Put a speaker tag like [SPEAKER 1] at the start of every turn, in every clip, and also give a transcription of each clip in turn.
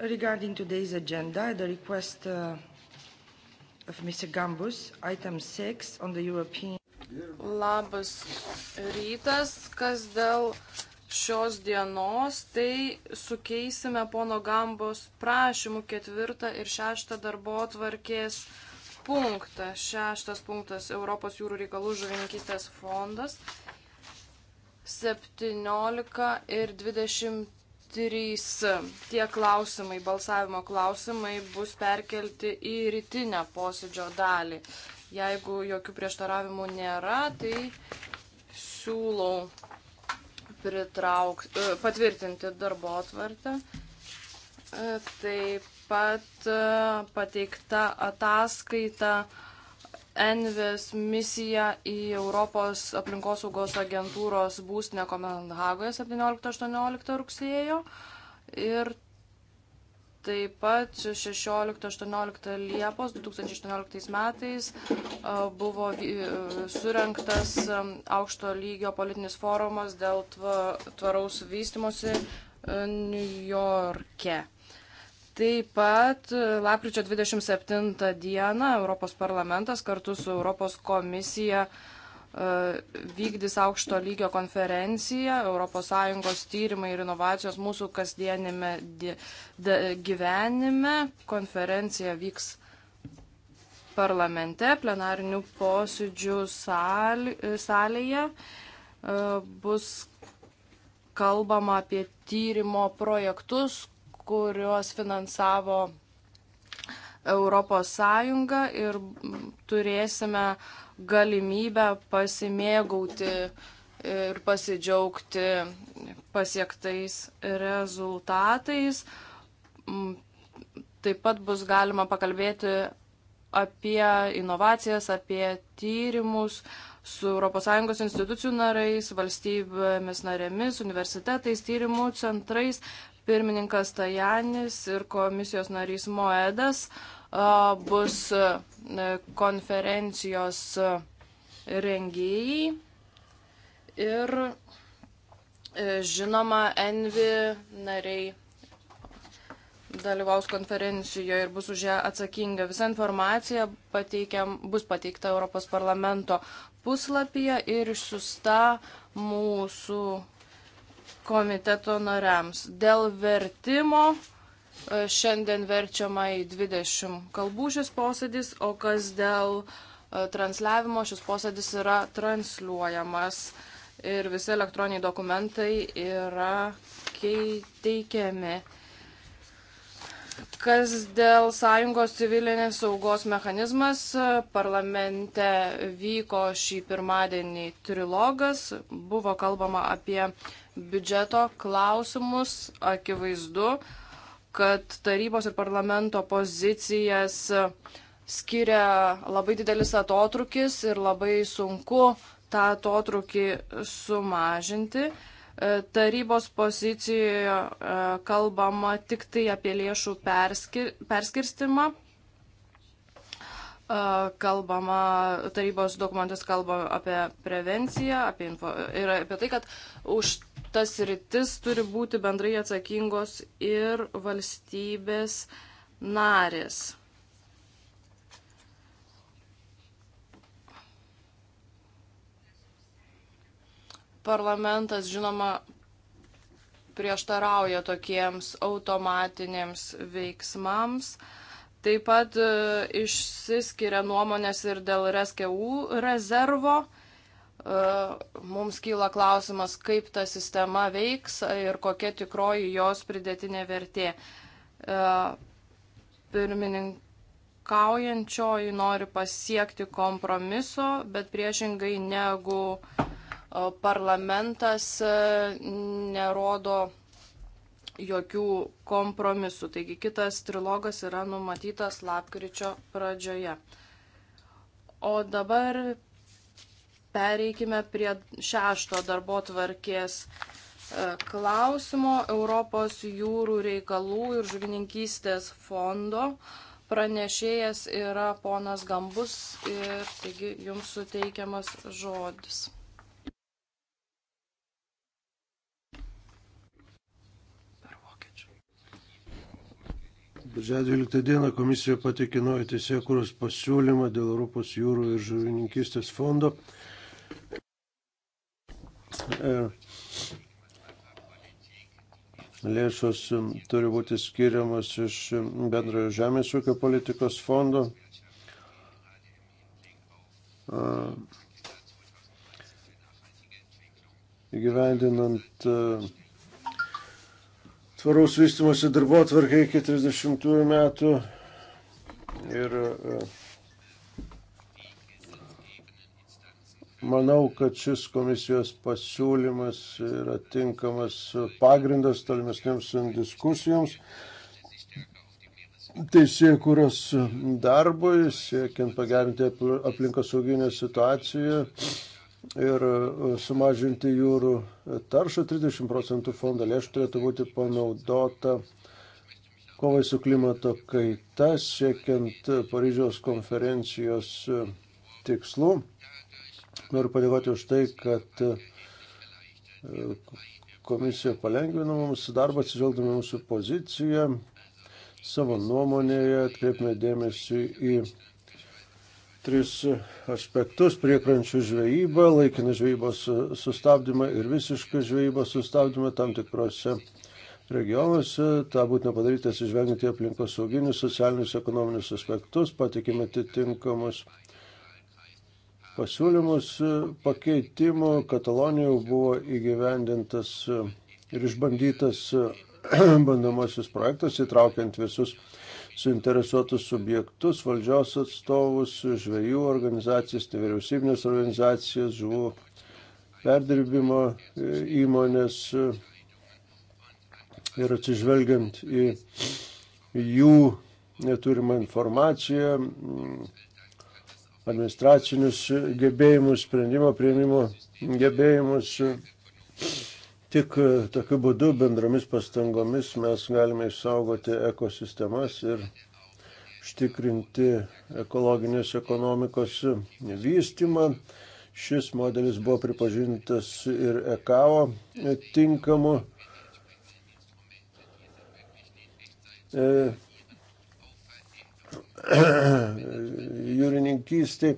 [SPEAKER 1] regarding today's agenda, at the request uh, of Mr.
[SPEAKER 2] Gambus,
[SPEAKER 1] item 6 on the European. Labas
[SPEAKER 2] rytas, kas dėl šios dienos, tai sukeisime pono Gambos prašymų ketvirtą ir šeštą darbo tvarkės punktą. Šeštas punktas Europos jūrų reikalų žuvininkystės fondas. 17 ir 23 trys tie klausimai, balsavimo klausimai bus perkelti į rytinę posėdžio dalį. Jeigu jokių prieštaravimų nėra, tai siūlau pritrauk, e, patvirtinti darbo atvartę. E, taip pat e, pateikta ataskaita Envės misiją į Europos aplinkosaugos agentūros būstinę Kopenhagoje 17-18 rugsėjo ir taip pat 16-18 Liepos 2018 metais buvo surinktas aukšto lygio politinis forumas dėl tvaraus vystimosi Niujorke. Taip pat e, lapkričio 27 dieną Europos parlamentas kartu su Europos komisija e, vykdys aukšto lygio konferenciją ES tyrimai ir inovacijos mūsų kasdienime gyvenime. Konferencija vyks parlamente, plenarinių posėdžių sal, salėje. E, bus kalbama apie tyrimo projektus, kurios finansavo Europos Sąjunga ir turėsime galimybę pasimėgauti ir pasidžiaugti pasiektais rezultatais. Mm, taip pat bus galima pakalbėti apie inovacijas, apie tyrimus su ES institucijų narais, valstybėmis narėmis, universitetais, tyrimų centrais pirmininkas Tajanis ir komisijos narys Moedas bus e, konferencijos e, rengėjai. Ir e, žinoma, Envi nariai dalyvaus konferencijoje ir bus už ją atsakinga. Visa informacija pateikiam, bus pateikta Europos parlamento puslapyje ir išsusta mūsų komiteto nariams. Dėl vertimo e, šiandien verčiama į 20 kalbų šis posėdis, o kas dėl e, transliavimo šis posėdis yra transliuojamas ir visi elektroniniai dokumentai yra teikiami. Kas dėl sąjungos civilinės saugos mechanizmas, parlamente vyko šį pirmadienį trilogas, buvo kalbama apie biudžeto klausimus, akivaizdu, kad tarybos ir parlamento pozicijas skiria labai didelis atotrukis ir labai sunku tą atotrukį sumažinti. Tarybos pozicijoje e, kalbama tik tai apie lėšų perskir, perskirstimą. E, kalbama, tarybos dokumentas kalba apie prevenciją apie info, ir apie tai, kad už tas rytis turi būti bendrai atsakingos ir valstybės narės. Parlamentas, žinoma, prieštarauja tokiems automatiniams veiksmams. Taip pat e, išsiskiria nuomonės ir dėl RSKU rezervo. E, mums kyla klausimas, kaip ta sistema veiks ir kokia tikroji jos pridėtinė vertė. Pirmininkas e, pirmininkaujančioji nori pasiekti kompromiso, bet priešingai negu parlamentas e, nerodo jokių kompromisų. Taigi kitas trilogas yra numatytas lapkričio pradžioje. O dabar pereikime prie šešto darbo tvarkės e, klausimo Europos jūrų reikalų ir žuvininkystės fondo. Pranešėjas yra ponas Gambus ir taigi jums suteikiamas žodis.
[SPEAKER 3] Birželio 12 dieną komisija pateikė naują teisėkuros pasiūlymą dėl Europos jūrų ir žuvininkystės fondo. E, lėšos e, turi būti skiriamas iš e, bendrojo žemės ūkio politikos fondo. Įgyvendinant uh, tvaraus vystimosi darbo atvarkai iki 30 metų. Ir e, manau, kad šis komisijos pasiūlymas yra tinkamas pagrindas tolimesnėms diskusijoms. Teisėjų kūros darbui, siekiant pagerinti aplinkosauginę situaciją, ir e, sumažinti jūrų taršą. 30 procentų fondo lėšų turėtų būti panaudota kovai su klimato kaita, siekiant Paryžiaus konferencijos e, tikslų. Noriu padėkoti už tai, kad e, komisija palengvino mums darbą, atsižvelgdami mūsų poziciją, savo nuomonėje, atkreipime dėmesį į tris aspektus - priekrančių žvejybą, laikiną žvejybos sustabdymą ir visišką žvejybos sustabdymą tam tikrose regionuose. Ta būtina padaryti atsižvelgiant į aplinkos sauginius, socialinius, ekonominius aspektus, patikime atitinkamus pasiūlymus pakeitimų. Katalonijoje buvo įgyvendintas ir išbandytas bandomasis projektas, įtraukiant visus suinteresuotus subjektus, valdžios atstovus, žvėjų organizacijas, tai vyriausybinės organizacijas, žuvų perdirbimo e, įmonės e, ir atsižvelgiant į jų neturimą informaciją, administracinius gebėjimus, sprendimo prieimimo gebėjimus, Tik e, tokiu būdu bendromis pastangomis mes galime išsaugoti ekosistemas ir užtikrinti ekologinės ekonomikos vystimą. Šis modelis buvo pripažintas ir ECAO tinkamu. E, jūrininkystį,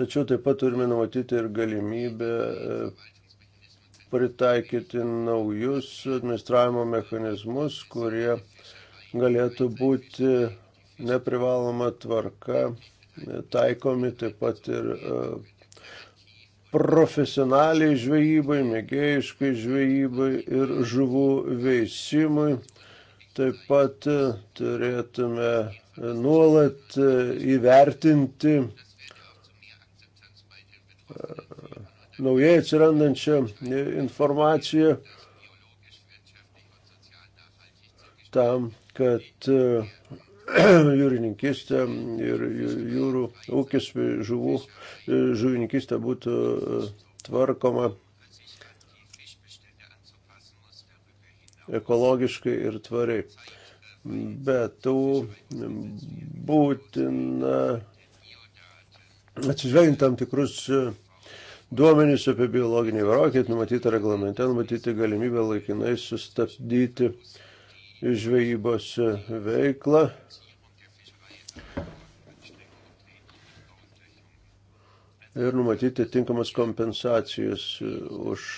[SPEAKER 3] tačiau taip pat turime numatyti ir galimybę e, pritaikyti naujus administravimo mechanizmus, kurie galėtų būti neprivaloma tvarka taikomi taip pat ir e, profesionaliai žvejybai, mėgėjiškai žvejybai ir žuvų veisimui. Taip pat e, turėtume e, nuolat įvertinti naujai atsirandančią e, informaciją tam, kad e, jūrininkistė ir jūrų ūkis e, žuvų, žuvininkistė būtų tvarkoma ekologiškai ir tvariai. Bet tų būtina atsižvelgiant tam tikrus duomenys apie biologinį įvairovę, kaip numatyta reglamente, numatyti galimybę laikinai sustabdyti žvejybos veiklą. Ir numatyti tinkamas kompensacijas už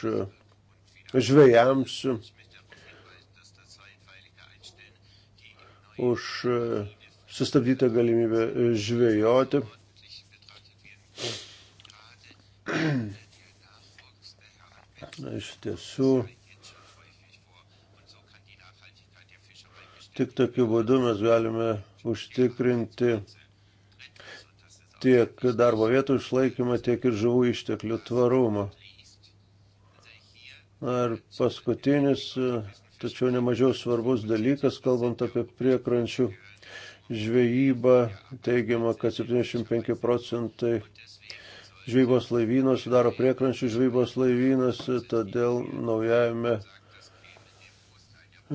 [SPEAKER 3] žvėjams, už sustabdytą galimybę žvejoti. Iš tiesų, tik tokiu būdu mes galime užtikrinti tiek darbo vietų išlaikymą, tiek ir žuvų išteklių tvarumą. Ir paskutinis, tačiau nemažiau svarbus dalykas, kalbant apie priekrančių žvejybą, teigiama, kad 75 procentai žvybos laivyną, sudaro priekrančių žvybos laivynas, todėl naujajame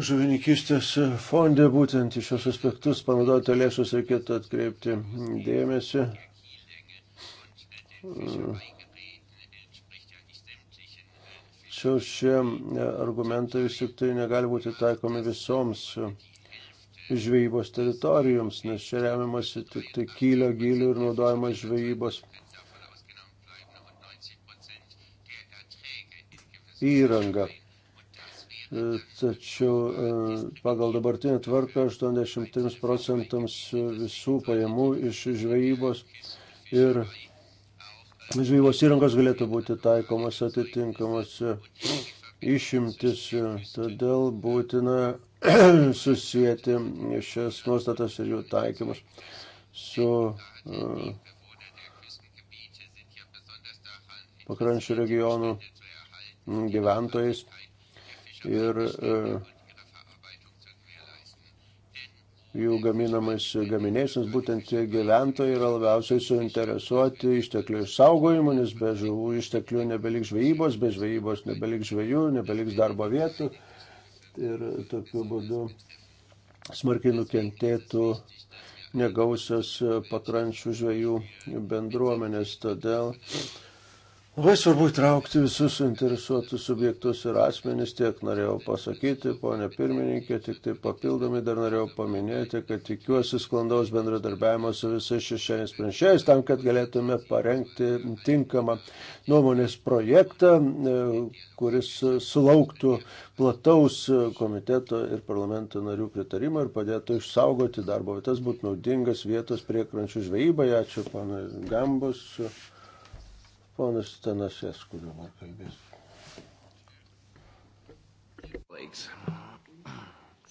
[SPEAKER 3] žuvininkystės fonde būtent į šios aspektus panaudoti lėšus reikėtų atkreipti dėmesį. Tačiau šie argumentai vis tik tai negali būti taikomi visoms žvejybos teritorijoms, nes čia remiamasi tik tai kylio gilių ir naudojama žvejybos įrangą. E, tačiau e, pagal dabartinę tvarką 80 procentams visų pajamų iš žvejybos ir žvejybos įrangos galėtų būti taikomas atitinkamas išimtis. Todėl būtina susijęti šias nuostatas ir jų taikymus su e, pakrančių regionų gyventojais ir e, jų gaminamais gaminiais, nes būtent tie gyventojai yra labiausiai suinteresuoti išteklių išsaugojimu, nes be žuvų išteklių nebeliks žvejybos, be žvejybos nebeliks žvejų, nebeliks darbo vietų ir tokiu būdu smarkiai nukentėtų negausios e, pakrančių žvejų bendruomenės. Todėl uh, Labai svarbu įtraukti visus suinteresuotus subjektus ir asmenys, tiek norėjau pasakyti, ponė pirmininkė, tik tai papildomai dar norėjau paminėti, kad tikiuosi sklandaus bendradarbiavimo su visais šešiais pranešėjais, tam, kad galėtume parengti tinkamą nuomonės projektą, e, kuris sulauktų plataus komiteto ir parlamento narių pritarimo ir padėtų išsaugoti darbo vietas, būtų naudingas vietos priekrančių žvejybai. Ačiū, ponai Gambus. Ponas Stanasesku dabar kalbės.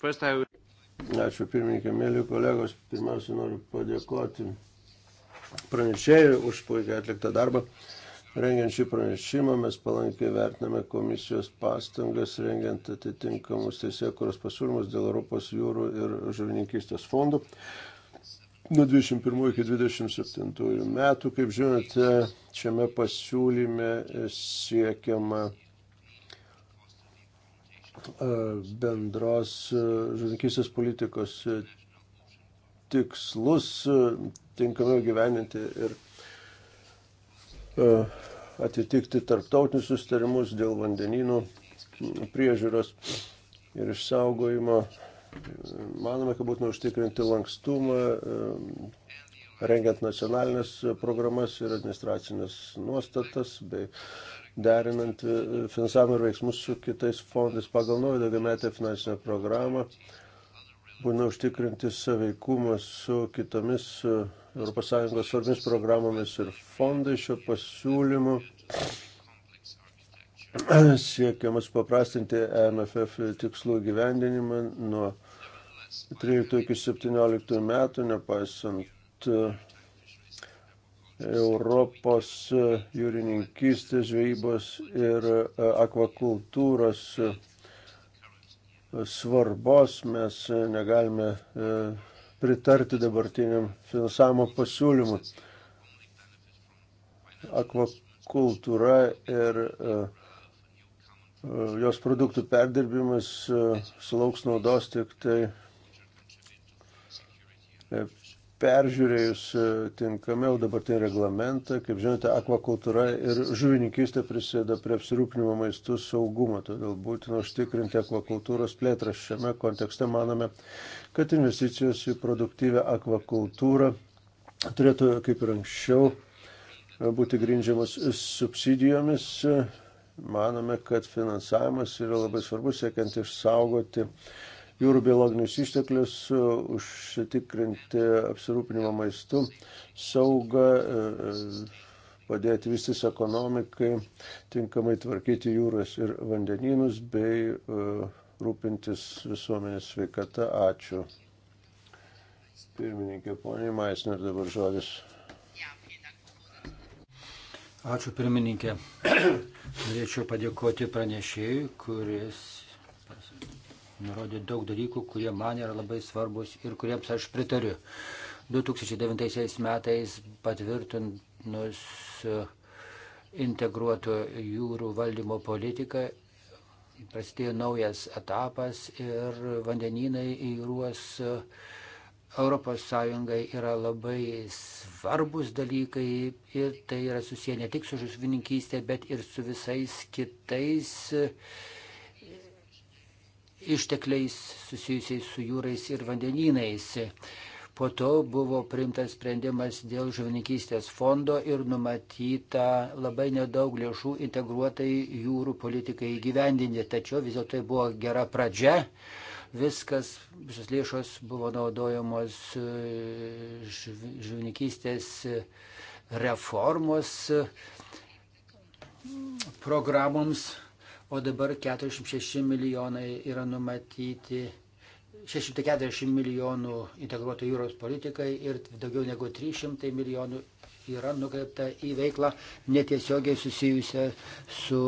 [SPEAKER 3] Ačiū pirmininkė, mėly kolegos. Pirmiausia, noriu padėkoti pranešėjui už puikiai atliktą darbą. Rengiant šį pranešimą mes palankiai vertiname komisijos pastangas, rengiant atitinkamus teisėkuros pasiūlymus dėl Europos jūrų ir žuvininkystės fondų nuo 21 iki 27 metų. Kaip žinote, šiame pasiūlyme siekiama e, bendros e, žuvininkystės politikos e, tikslus tinkamiau gyveninti ir atitikti tarptautinius sustarimus dėl vandenynų priežiūros ir išsaugojimo Manome, kad būtina užtikrinti lankstumą, e, rengiant nacionalinės programas ir administracinės nuostatas, bei derinant e, finansavimą ir veiksmus su kitais fondais pagal naują daugiametę finansinę programą. Būtina užtikrinti saveikumą su kitomis ES svarbimis programomis ir fondai šio pasiūlymu. siekiamas paprastinti NFF tikslų gyvendinimą nuo 13 iki 17 metų, nepaisant e, Europos e, jūrininkystės žvejybos ir e, akvakultūros svarbos mes negalime pritarti dabartiniam finansavimo pasiūlymui. Akvakultūra ir uh, E, jos produktų perdirbimas e, sulauks naudos tik tai e, peržiūrėjus tinkamiau dabartinį reglamentą. Kaip žinote, akvakultūra ir žuvininkystė prisėda prie apsirūpinimo maistų saugumo, todėl būtina užtikrinti akvakultūros plėtrą. Šiame kontekste manome, kad investicijos į produktyvę akvakultūrą turėtų, kaip ir anksčiau, būti grindžiamas subsidijomis manome, kad finansavimas yra labai svarbus, siekiant išsaugoti jūrų biologinius išteklius, užsitikrinti apsirūpinimą maistu, saugą, e, e, padėti visis ekonomikai, tinkamai tvarkyti jūras ir vandenynus bei e, rūpintis visuomenės sveikata. Ačiū. Pirmininkė, poniai Maisner, dabar žodis.
[SPEAKER 4] Ačiū pirmininkė. Norėčiau padėkoti pranešėjui, kuris nurodė daug dalykų, kurie man yra labai svarbus ir kuriems aš pritariu. 2009 metais patvirtinus integruoto jūrų valdymo politiką prasidėjo naujas etapas ir vandenynai į jūros ES yra labai svarbus dalykai ir tai yra susiję ne tik su žuvininkystė, bet ir su visais kitais e, ištekliais susijusiais su jūrais ir vandenynais. Po to buvo priimtas sprendimas dėl žuvininkystės fondo ir numatyta labai nedaug lėšų integruotai jūrų politikai įgyvendinti. Tačiau vis dėlto tai buvo gera pradžia viskas, visos lėšos buvo naudojamos e, žuvininkystės e, reformos e, programoms, o dabar 46 milijonai yra numatyti 640 milijonų integruotų jūros politikai ir daugiau negu 300 milijonų yra nukreipta į veiklą netiesiogiai susijusią su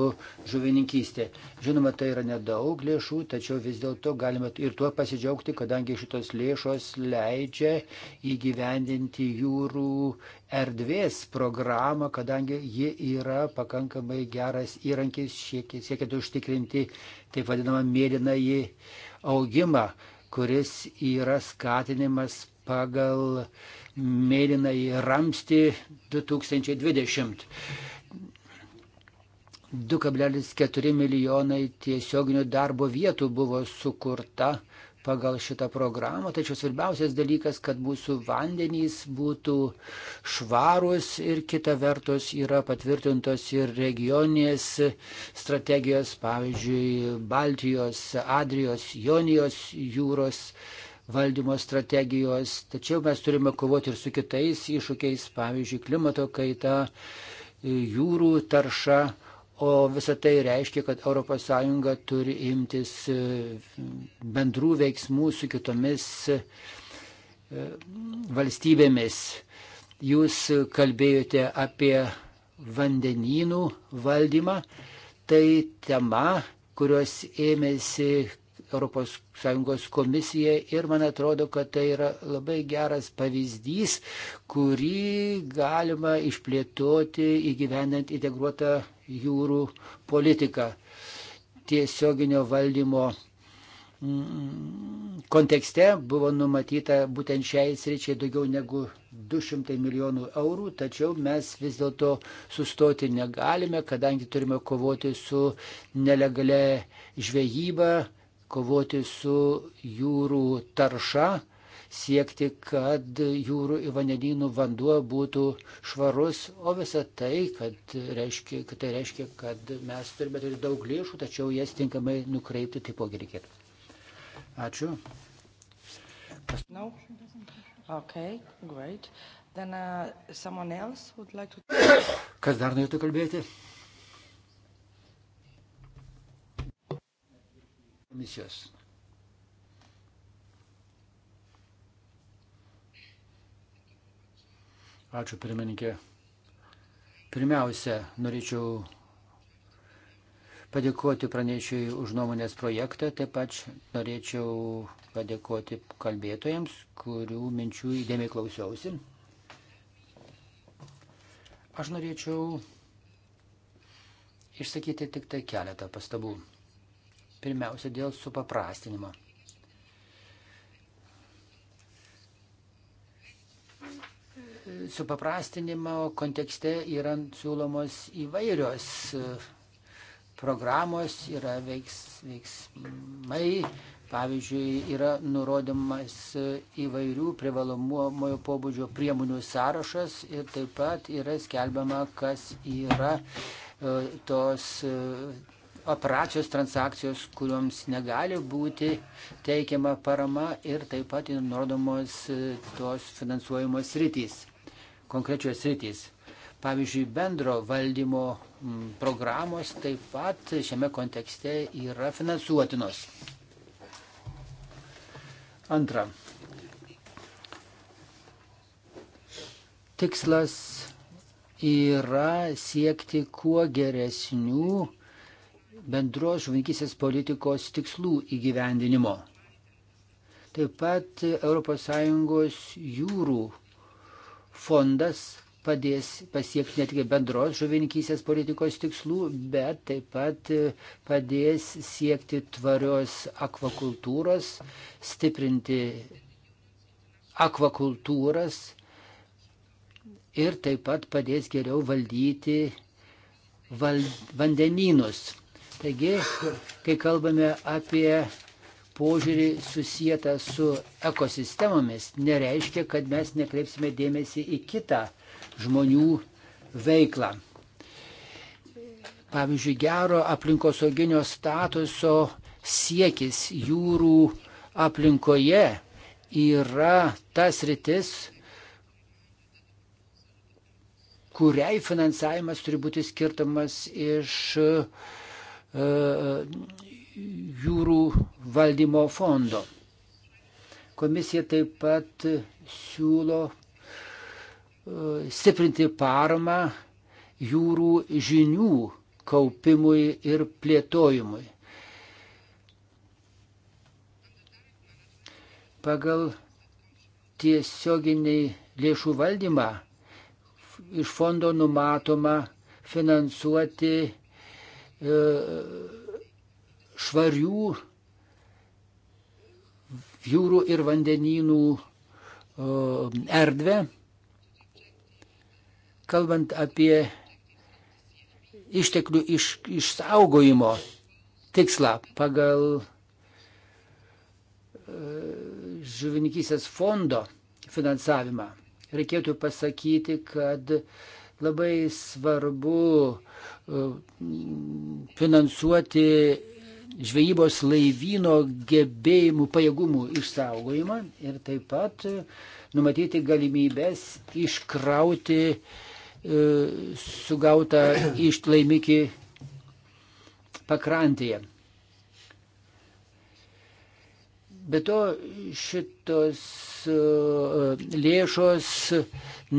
[SPEAKER 4] žuvininkystė. Žinoma, tai yra nedaug lėšų, tačiau vis dėlto galime ir tuo pasidžiaugti, kadangi šitos lėšos leidžia įgyvendinti jūrų erdvės programą, kadangi ji yra pakankamai geras įrankis siekiant užtikrinti taip vadinamą mėlynąjį augimą kuris yra skatinimas pagal uh, mėlynai ramsti 2020. 2,4 milijonai tiesioginių darbo vietų buvo sukurta pagal šitą programą, tačiau svarbiausias dalykas, kad mūsų vandenys būtų švarus ir kita vertus yra patvirtintos ir regioninės strategijos, pavyzdžiui, Baltijos, Adrijos, Jonijos jūros valdymo strategijos, tačiau mes turime kovoti ir su kitais iššūkiais, pavyzdžiui, klimato kaita, jūrų tarša, o visa tai reiškia, kad ES turi imtis e, bendrų veiksmų su kitomis e, valstybėmis. Jūs kalbėjote apie vandenynų valdymą, tai tema, kurios ėmėsi ES komisija ir man atrodo, kad tai yra labai geras pavyzdys, kurį galima išplėtoti įgyvendant integruotą jūrų politiką tiesioginio valdymo mm, kontekste buvo numatyta būtent šiai sričiai daugiau negu 200 milijonų eurų, tačiau mes vis dėlto sustoti negalime, kadangi turime kovoti su nelegale žvejyba, kovoti su jūrų tarša, siekti, kad jūrų ir vandenynų vanduo būtų švarus, o visa tai, kad, reiškia, kad tai reiškia, kad mes turime turėti daug lėšų, tačiau jas tinkamai nukreipti taipogi reikėtų. Ačiū.
[SPEAKER 1] Pas... No. Okay, great. Then, uh, someone else would like
[SPEAKER 4] to... Kas dar norėtų kalbėti? komisijos. Ačiū pirmininkė. Pirmiausia, norėčiau padėkoti pranešėjui už nuomonės projektą, taip pat norėčiau padėkoti kalbėtojams, kurių minčių įdėmiai klausiausi. Aš norėčiau išsakyti tik tai keletą pastabų. Pirmiausia, dėl supaprastinimo. Supaprastinimo kontekste yra siūlomos įvairios e, programos, yra veiks, veiksmai, Pavyzdžiui, yra nurodomas e, įvairių privalomuojo pobūdžio priemonių sąrašas ir taip pat yra skelbiama, kas yra e, tos operacijos transakcijos, kuriuoms negali būti teikiama parama ir taip pat nurodomos e, tos finansuojamos rytys, konkrečios rytys. Pavyzdžiui, bendro valdymo programos taip pat šiame kontekste yra finansuotinos. Antra. Tikslas yra siekti kuo geresnių bendros žuvininkysės politikos tikslų įgyvendinimo. Taip pat ES jūrų fondas padės pasiekti ne tik bendros žuvininkysės politikos tikslų, bet taip pat padės siekti tvarios akvakultūros, stiprinti akvakultūras ir taip pat padės geriau valdyti val vandenynus. Taigi, kai kalbame apie požiūrį susijęta su ekosistemomis, nereiškia, kad mes nekreipsime dėmesį į kitą žmonių veiklą. Pavyzdžiui, gero aplinkosauginio statuso siekis jūrų aplinkoje yra tas rytis, kuriai finansavimas turi būti skirtamas iš uh, E, jūrų valdymo fondo. Komisija taip pat siūlo e, stiprinti paramą jūrų žinių kaupimui ir plėtojimui. Pagal tiesioginiai lėšų valdymą iš fondo numatoma finansuoti E, švarių jūrų ir vandenynų e, erdvę. Kalbant apie išteklių iš, išsaugojimo tikslą pagal e, žuvininkysės fondo finansavimą, reikėtų pasakyti, kad Labai svarbu e, finansuoti žvejybos laivyno gebėjimų pajėgumų išsaugojimą ir taip pat e, numatyti galimybės iškrauti e, sugautą išlaimikį pakrantėje. Be to šitos e, lėšos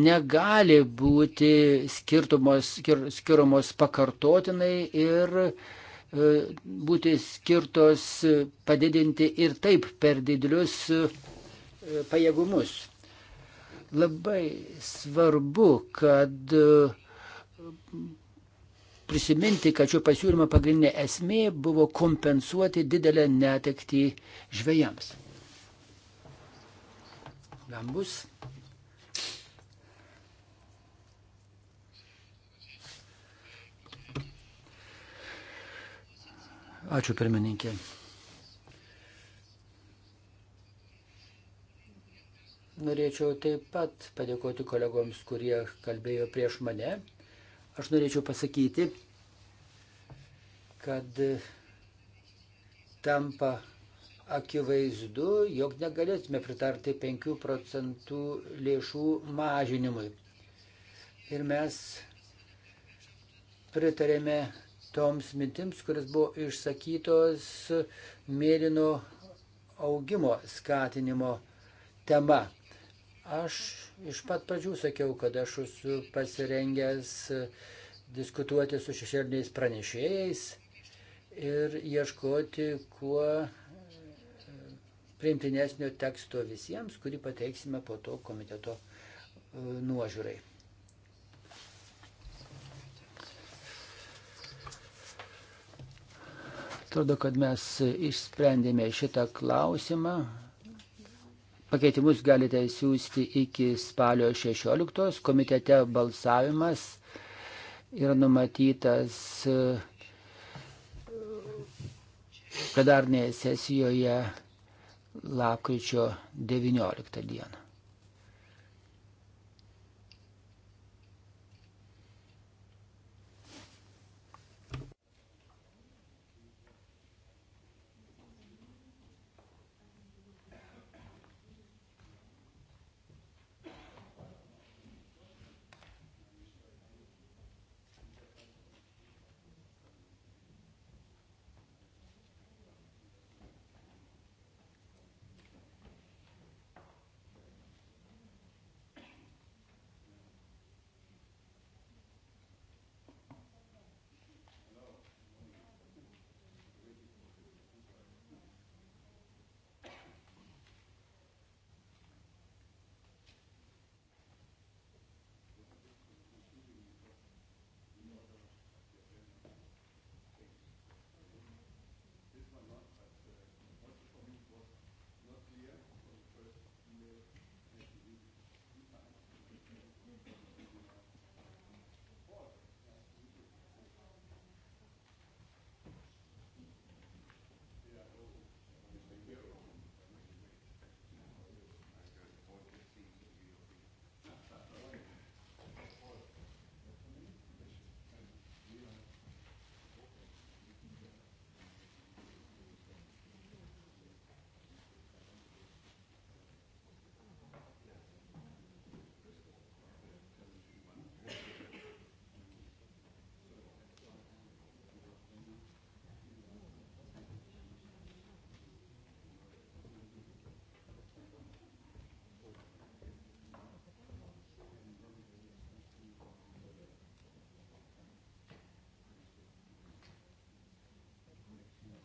[SPEAKER 4] negali būti skirtumos, skir, skirumos pakartotinai ir e, būti skirtos padidinti ir taip per didelius e, pajėgumus. Labai svarbu, kad prisiminti, kad šio pasiūlymo pagrindinė esmė buvo kompensuoti didelę netekti žvėjams. Gambus. Ačiū pirmininkė. Norėčiau taip pat padėkoti kolegoms, kurie kalbėjo prieš mane. Aš norėčiau pasakyti, kad tampa akivaizdu, jog negalėtume pritarti 5 procentų lėšų mažinimui. Ir mes pritarėme toms mintims, kuris buvo išsakytos mėlyno augimo skatinimo tema. Aš iš pat pradžių sakiau, kad aš esu pasirengęs e, diskutuoti su šešėliniais pranešėjais ir ieškoti kuo e, priimtinesnio teksto visiems, kurį pateiksime po to komiteto e, nuožiūrai. Atrodo, kad mes išsprendėme šitą klausimą. Pakeitimus galite siūsti iki spalio 16. Komitete balsavimas yra numatytas e, plenarinėje sesijoje lapkričio 19 dieną.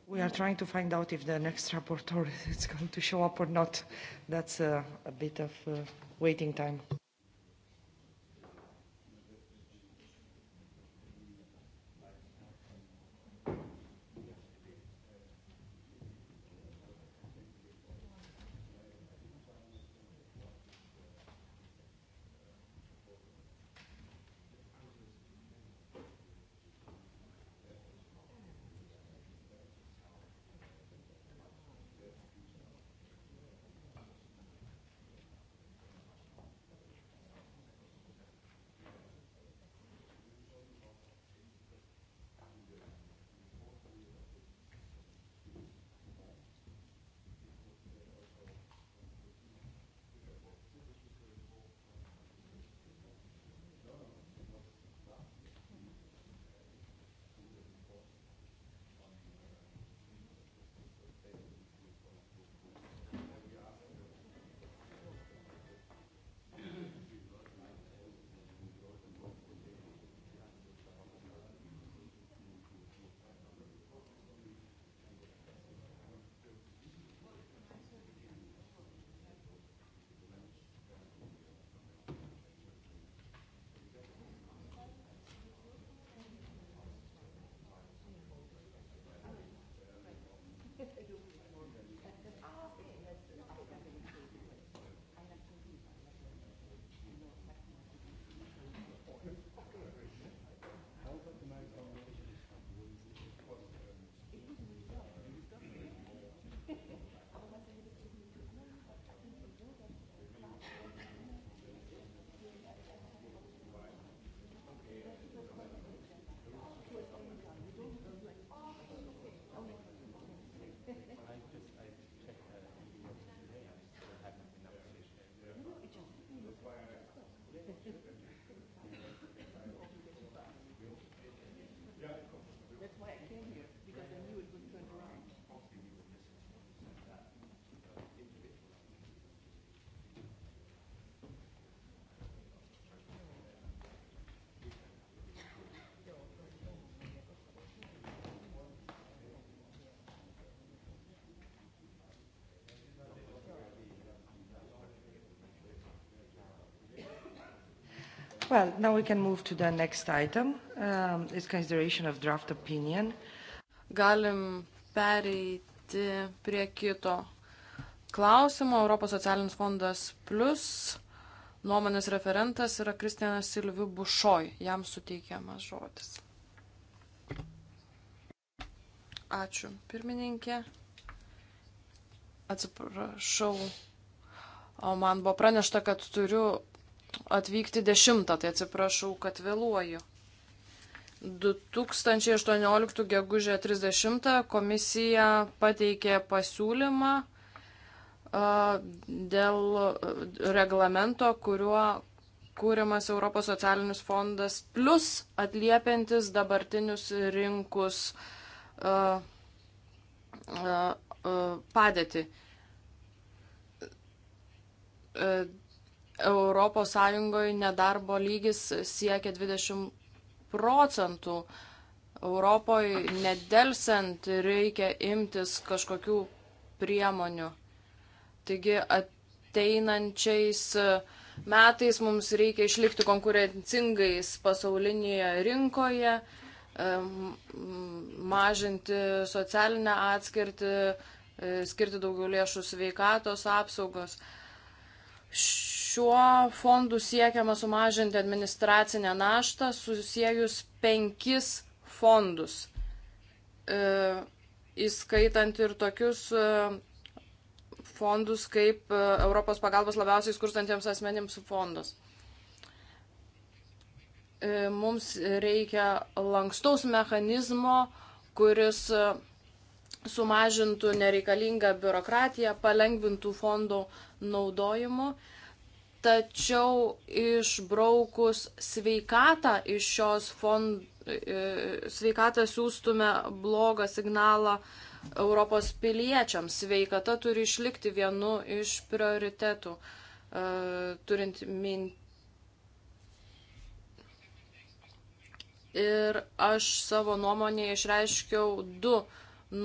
[SPEAKER 1] We are trying to find out if the next rapporteur is going to show up or not. That's a, uh, a bit of uh, waiting time. kad rinkų Well, now we can move to the next
[SPEAKER 2] item. Um, it's consideration of draft opinion. Galim pereiti prie kito klausimo. Europos socialinis fondas plus nuomonės referentas yra Kristianas Silviu Bušoj. Jam suteikiamas žodis. Ačiū, pirmininkė. Atsiprašau. O man buvo pranešta, kad turiu atvykti 10, tai atsiprašau, kad vėluoju. 2018 gegužė 30 komisija pateikė pasiūlymą dėl reglamento, kuriuo kūrimas Europos socialinis fondas plus atliepiantis dabartinius rinkus padėti. ES nedarbo lygis siekia 20 procentų. Europoje nedelsant reikia imtis kažkokių priemonių. Taigi ateinančiais metais mums reikia išlikti konkurencingais pasaulinėje rinkoje, mažinti socialinę atskirtį, e, skirti daugiau lėšų sveikatos apsaugos. Š šiuo fondu siekiama sumažinti administracinę naštą, susijęjus penkis fondus, e, įskaitant ir tokius e, fondus kaip e, Europos pagalbos labiausiai skurstantiems asmenims fondas. E, mums reikia lankstaus mechanizmo, kuris e, sumažintų nereikalingą biurokratiją, palengvintų fondų naudojimo Tačiau išbraukus sveikatą iš šios fond, e, sveikatą siūstume blogą signalą Europos piliečiams. Sveikata turi išlikti vienu iš prioritetų, e, turint minti. Ir aš savo nuomonėje išreiškiau du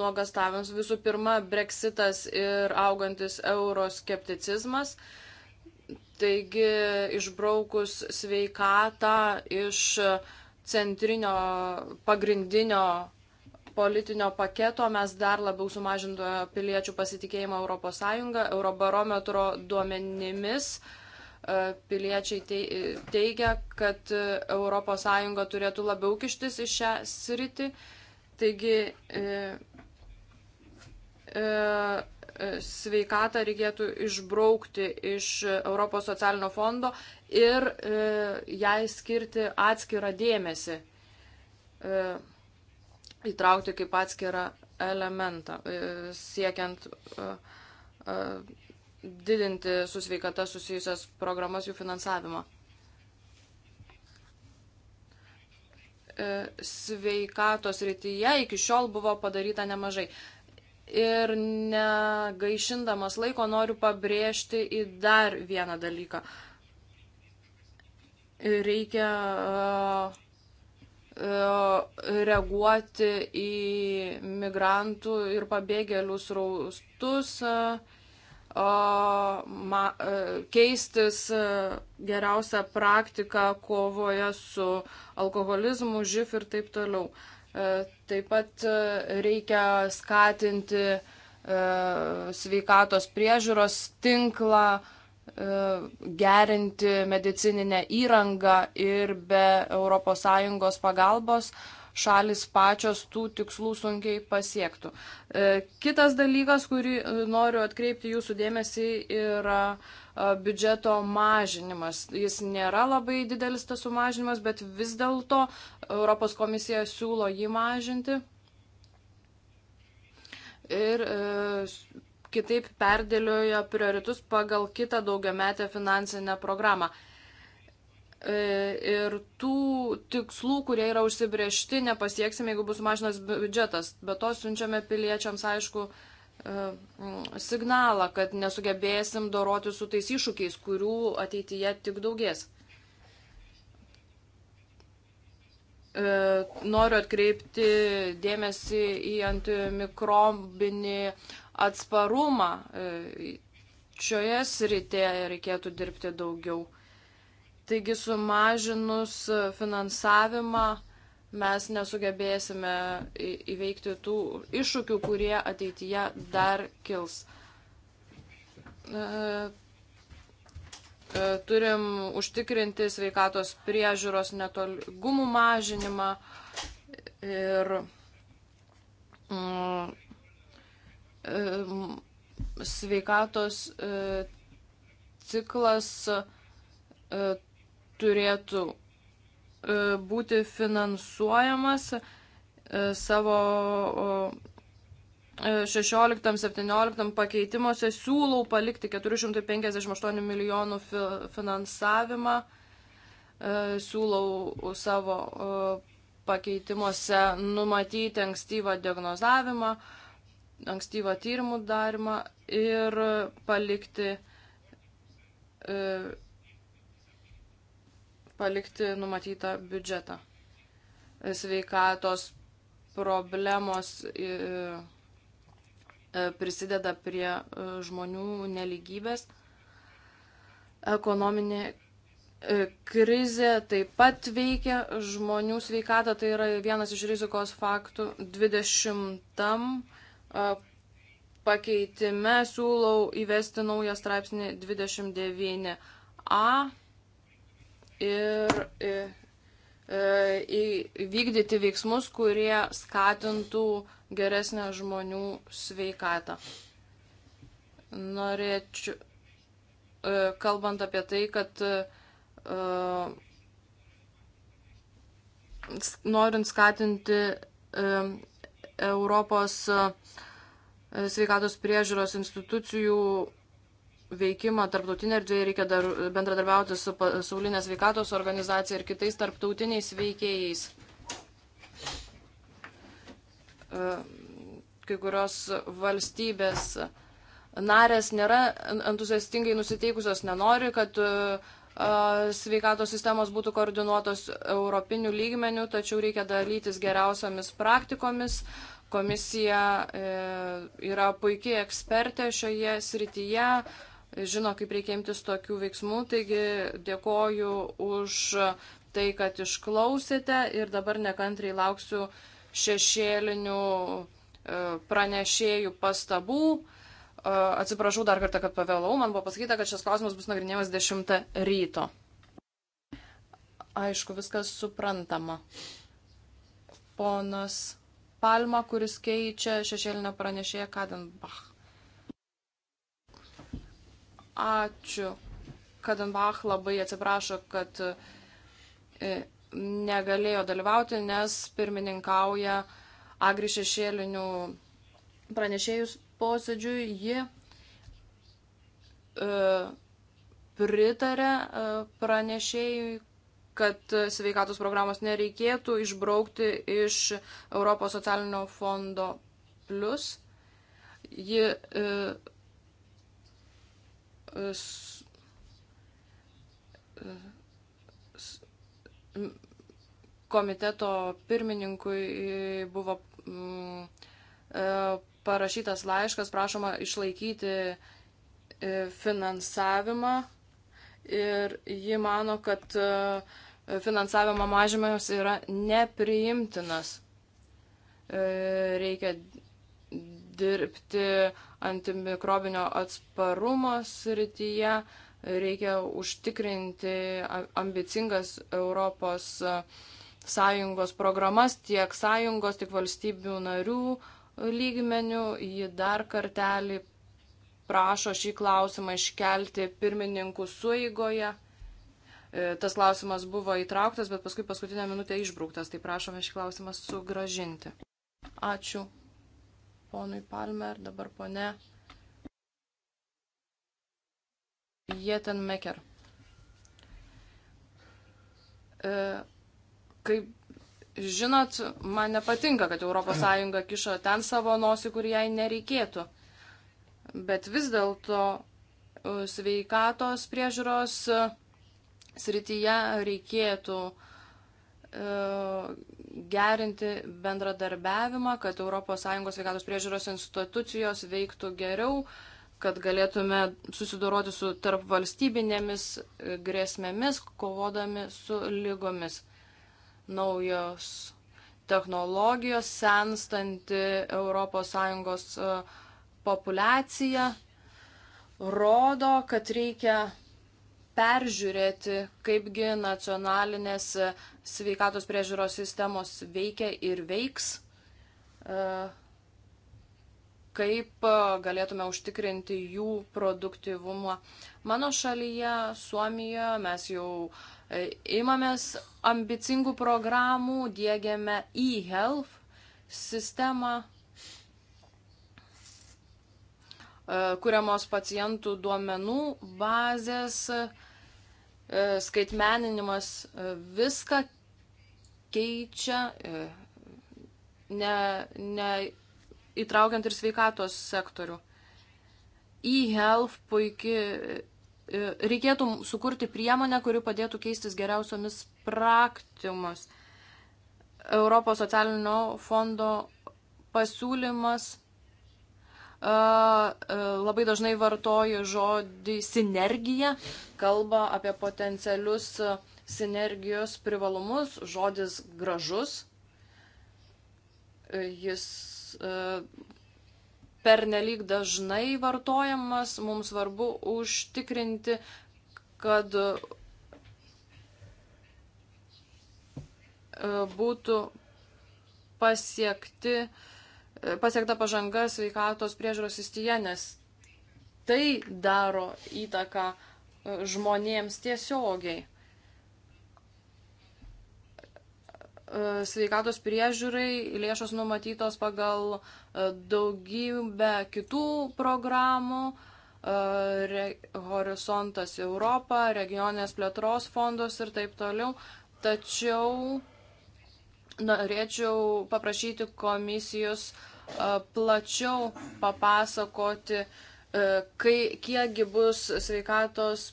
[SPEAKER 2] nuogastavimus. Visų pirma, breksitas ir augantis euroskepticizmas. skepticizmas Taigi, išbraukus sveikatą iš centrinio pagrindinio politinio paketo mes dar labiau sumažintume piliečių pasitikėjimą ES. Eurobarometro duomenimis e, piliečiai teigia, kad ES turėtų labiau kištis į šią sritį. Taigi, e, e, sveikatą reikėtų išbraukti iš Europos socialinio fondo ir e, jai skirti atskirą dėmesį, e, įtraukti kaip atskirą elementą, e, siekiant didinti su sveikata susijusias programas jų finansavimą. Sveikatos rytyje iki šiol buvo padaryta nemažai. Ir negaišindamas laiko noriu pabrėžti į dar vieną dalyką. Reikia uh, reaguoti į migrantų ir pabėgėlių sraustus, e, keistis geriausią praktiką kovoje su alkoholizmu, žif ir taip toliau. E, taip pat e, reikia skatinti e, sveikatos priežiūros tinklą, gerinti medicininę įrangą ir be ES pagalbos šalis pačios tų tikslų sunkiai pasiektų. E, kitas dalykas, kurį e, noriu atkreipti jūsų dėmesį, yra e, biudžeto mažinimas. Jis nėra labai didelis tas sumažinimas, bet vis dėlto Europos komisija siūlo jį mažinti. Ir kitaip perdėlioja prioritus pagal kitą daugiametę finansinę programą. E, ir tų tikslų, kurie yra užsibriežti, nepasieksime, jeigu bus mažinas biudžetas. Be to siunčiame piliečiams, aišku, e, signalą, kad nesugebėsim doroti su tais iššūkiais, kurių ateityje tik daugės. E, noriu atkreipti dėmesį į antimikrobinį atsparumą. Šioje srityje reikėtų dirbti daugiau. Taigi sumažinus finansavimą mes nesugebėsime įveikti tų iššūkių, kurie ateityje dar kils. E, e, turim užtikrinti sveikatos priežiūros netolygumų mažinimą ir mm, e, sveikatos ciklas turėtų e, būti finansuojamas e, savo 16-17 e, pakeitimuose siūlau palikti 458 milijonų finansavimą, siūlau savo pakeitimuose numatyti ankstyvą diagnozavimą, ankstyvą tyrimų darimą ir palikti palikti numatytą biudžetą. Sveikatos problemos e, prisideda prie e, žmonių neligybės. Ekonominė e, krizė taip pat veikia žmonių sveikatą, tai yra vienas iš rizikos faktų. 20 pakeitime siūlau įvesti naują straipsnį 29a ir e, e, įvykdyti veiksmus, kurie skatintų geresnę žmonių sveikatą. Norėčiau, e, kalbant apie tai, kad norint skatinti Europos sveikatos priežiūros institucijų veikimą tarptautinė erdvėje reikia dar bendradarbiauti su pasaulinė sveikatos organizacija ir kitais tarptautiniais veikėjais. Ehm, kai kurios valstybės narės nėra entuziastingai nusiteikusios, nenori, kad e, sveikatos sistemos būtų koordinuotos europinių lygmenių, tačiau reikia dalytis geriausiamis praktikomis, komisija e, yra puikiai ekspertė šioje srityje, žino, kaip reikia imtis tokių veiksmų. Taigi dėkoju už tai, kad išklausėte ir dabar nekantriai lauksiu šešėlinių e, pranešėjų pastabų. E, atsiprašau dar kartą, kad pavėlau. Man buvo pasakyta, kad šis klausimas bus nagrinėjamas 10 ryto. Aišku, viskas suprantama. Ponas Palma, kuris keičia šešėlinę pranešėją Kadenbach. Ačiū. Kadenbach labai atsiprašo, kad e, negalėjo dalyvauti, nes pirmininkauja agri šešėlinių pranešėjus posėdžiui. Ji e, pritarė e, pranešėjui, kad sveikatos programos nereikėtų išbraukti iš Europos socialinio fondo plus. Ji e, komiteto pirmininkui buvo e, parašytas laiškas, prašoma išlaikyti e, finansavimą ir ji mano, kad e, finansavimo mažymas yra nepriimtinas. Reikia dirbti antimikrobinio atsparumo srityje reikia užtikrinti ambicingas Europos sąjungos programas tiek sąjungos, tiek valstybių narių lygmenių. Ji dar kartelį prašo šį klausimą iškelti pirmininkų suigoje. E, tas klausimas buvo įtrauktas, bet paskui paskutinę minutę išbrauktas, tai prašome šį klausimą sugražinti. Ačiū ponui Palmer, dabar pone Jeten Meker. E, kaip žinot, man nepatinka, kad ES kišo ten savo nosį, kur jai nereikėtų. Bet vis dėlto e, sveikatos priežiūros e, srityje reikėtų uh, E, gerinti bendradarbiavimą, kad ES sveikatos priežiūros institucijos veiktų geriau, kad galėtume susidoroti su tarp valstybinėmis e, grėsmėmis, kovodami su lygomis. Naujos technologijos, senstanti ES e, populiacija rodo, kad reikia peržiūrėti, kaipgi nacionalinės sveikatos priežiūros sistemos veikia ir veiks, e, kaip galėtume užtikrinti jų produktivumą. Mano šalyje, Suomijoje, mes jau e, imamės ambicingų programų, dėgiame e-health sistemą, e, kuriamos pacientų duomenų bazės, E, skaitmeninimas e, viską keičia, e, ne, ne įtraukiant ir sveikatos sektorių. E-health puikiai reikėtų sukurti priemonę, kuri padėtų keistis geriausiomis praktimas. Europos socialinio fondo pasiūlymas E, labai dažnai vartoja žodį sinergija, kalba apie potencialius sinergijos privalumus, žodis gražus. Jis e, pernelyg dažnai vartojamas, mums svarbu užtikrinti, kad e, būtų pasiekti uh, pasiekta pažanga sveikatos priežiūros įstyje, nes tai daro įtaką e, žmonėms tiesiogiai. E, sveikatos priežiūrai lėšos numatytos pagal e, daugybę kitų programų, Horizontas Europą, regionės plėtros fondos ir taip toliau. Tačiau norėčiau paprašyti komisijos uh, plačiau papasakoti, kai, kiekgi bus sveikatos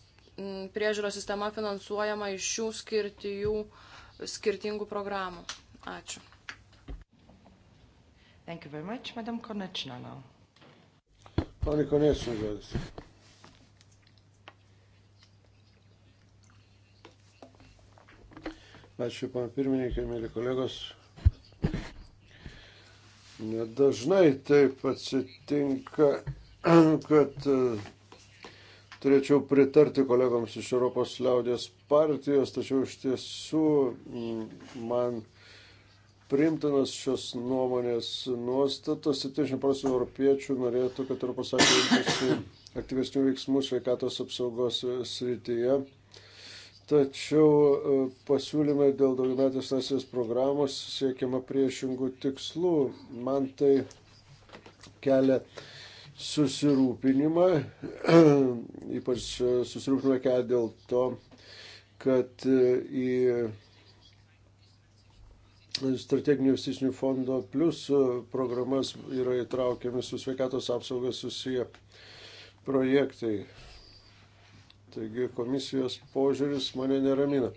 [SPEAKER 2] priežiūros sistema finansuojama iš šių skirtijų, skirtingų programų. Ačiū.
[SPEAKER 1] Thank you very much, Madam Konečna.
[SPEAKER 3] Pane Konečna, žodis. Ačiū, pana pirmininkai, mėly kolegos. Dažnai taip atsitinka, kad e, turėčiau pritarti kolegoms iš Europos liaudės partijos, tačiau iš tiesų man priimtinas šios nuomonės nuostatos. 70 procentų europiečių norėtų, kad ES imtųsi aktyvesnių veiksmų sveikatos apsaugos srityje. Tačiau e, pasiūlymai dėl daugiametės nacijos programos siekiama priešingų tikslų. Man tai kelia susirūpinimą, ypač susirūpinimą kelia dėl to, kad e, į strateginių investicinių fondo plus e, programas yra įtraukiami su sveikatos apsaugas susiję projektai. Taigi komisijos požiūris mane neramina.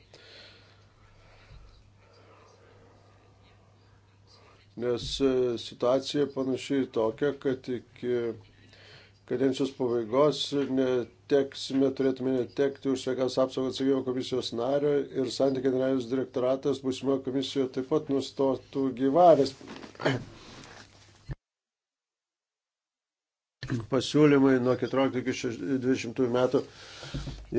[SPEAKER 3] Nes e, situacija panašiai tokia, kad iki kadencijos pabaigos neteksime, turėtume netekti už sveikatos apsaugą atsakymo komisijos nario ir santykiai generalinis direktoratas būsimo komisijoje taip pat nustotų gyvavęs. pasiūlymai nuo 14 iki 20 metų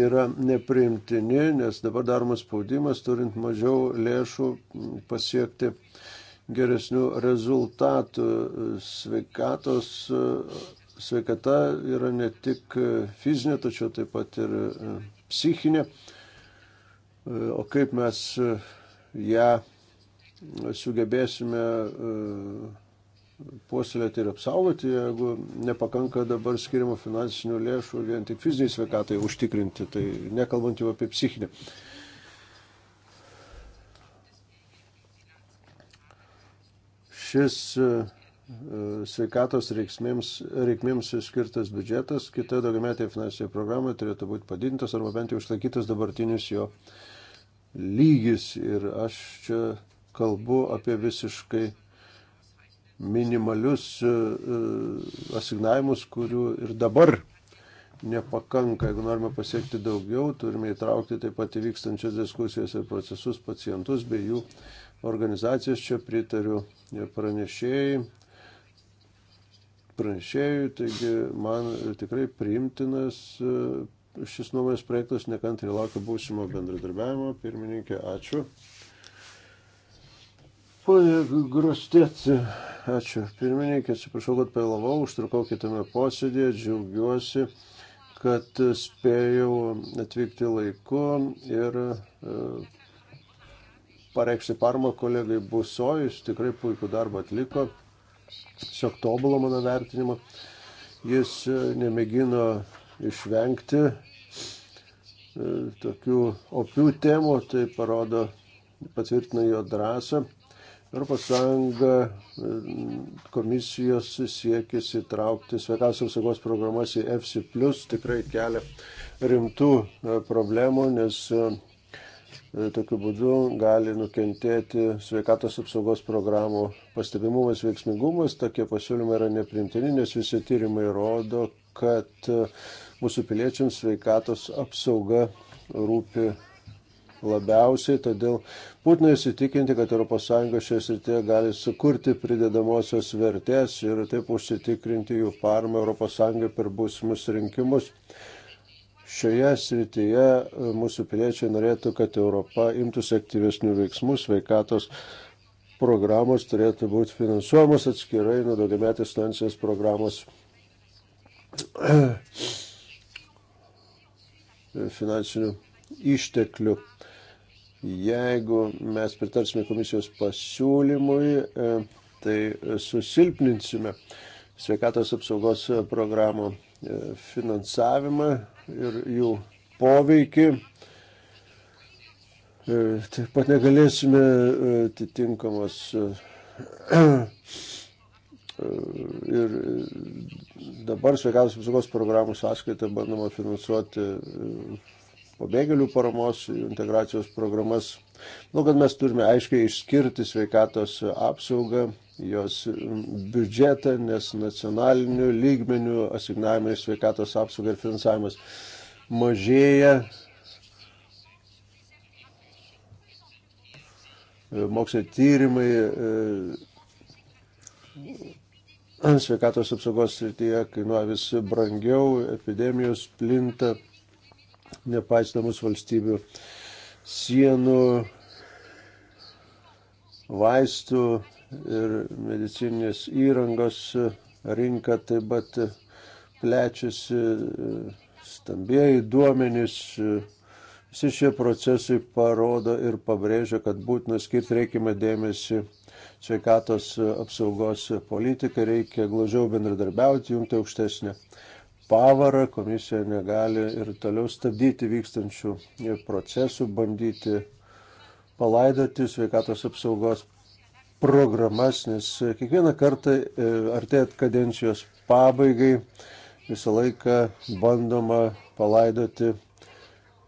[SPEAKER 3] yra nepriimtini, nes dabar daromas spaudimas, turint mažiau lėšų, pasiekti geresnių rezultatų. Sveikatos, sveikata yra ne tik fizinė, tačiau taip pat ir e, psichinė. E, o kaip mes e, ją sugebėsime puoselėti ir apsaugoti, jeigu nepakanka dabar skiriamų finansinių lėšų vien tik fiziniai sveikatai užtikrinti, tai nekalbant jau apie psichinę. Šis e, sveikatos reikmėms, reikmėms skirtas biudžetas kitoje daugiametėje finansinėje programoje turėtų būti padidintas arba bent jau išlaikytas dabartinis jo lygis. Ir aš čia kalbu apie visiškai minimalius e, e, asignavimus, kurių ir dabar nepakanka. Jeigu norime pasiekti daugiau, turime įtraukti taip pat įvykstančias diskusijas ir procesus pacientus bei jų organizacijas. Čia pritariu pranešėjai. Pranešėjų, taigi man tikrai priimtinas e, šis nuomonės projektas, nekantriai laukia būsimo bendradarbiavimo. Pirmininkė, ačiū. Pone Grostėci, ačiū pirmininkė, atsiprašau, kad pėlavau, užtrukau kitame posėdėje, džiaugiuosi, kad spėjau atvykti laiku ir e, pareikšti parmą kolegai Busoj, jis tikrai puikų darbą atliko, tiesiog tobulo mano vertinimo. Jis e, nemėgino išvengti e, tokių opių temų, tai parodo, patvirtina jo drąsą. Europos Sąjunga e, komisijos siekis įtraukti sveikatos apsaugos programas į EFSI plus tikrai kelia rimtų e, problemų, nes e, tokiu būdu gali nukentėti sveikatos apsaugos programų pastebimumas, veiksmingumas. Tokie pasiūlymai yra neprimtini, nes visi tyrimai rodo, kad mūsų piliečiams sveikatos apsauga rūpi labiausiai, todėl būtina įsitikinti, kad ES šioje srityje gali sukurti pridedamosios vertės ir taip užsitikrinti jų parmą ES per būsimus rinkimus. Šioje srityje e, mūsų piliečiai norėtų, kad Europa imtųsi aktyvesnių veiksmų sveikatos programos turėtų būti finansuojamos atskirai nuo daugiametės finansinės programos finansinių išteklių. Jeigu mes pritarsime komisijos pasiūlymui, e, tai susilpninsime sveikatos apsaugos programų e, finansavimą ir jų poveikį. E, taip pat negalėsime atitinkamos ir dabar sveikatos apsaugos programų sąskaitą bandoma finansuoti pabėgėlių paramos integracijos programas. Nu, kad mes turime aiškiai išskirti sveikatos apsaugą, jos biudžetą, nes nacionaliniu lygmeniu asignavimai sveikatos apsauga ir finansavimas mažėja. Mokslo tyrimai e, sveikatos apsaugos srityje kainuoja vis brangiau, epidemijos plinta nepaisydamus valstybių sienų, vaistų ir medicinės įrangos rinka taip pat plečiasi, stambėjai duomenys. Visi šie procesai parodo ir pabrėžia, kad būtina skirti reikimą dėmesį sveikatos apsaugos politikai, reikia glaudžiau bendradarbiauti, jungti aukštesnę pavarą, komisija negali ir toliau stabdyti vykstančių procesų, bandyti palaidoti sveikatos apsaugos programas, nes kiekvieną kartą e, artėjant kadencijos pabaigai visą laiką bandoma palaidoti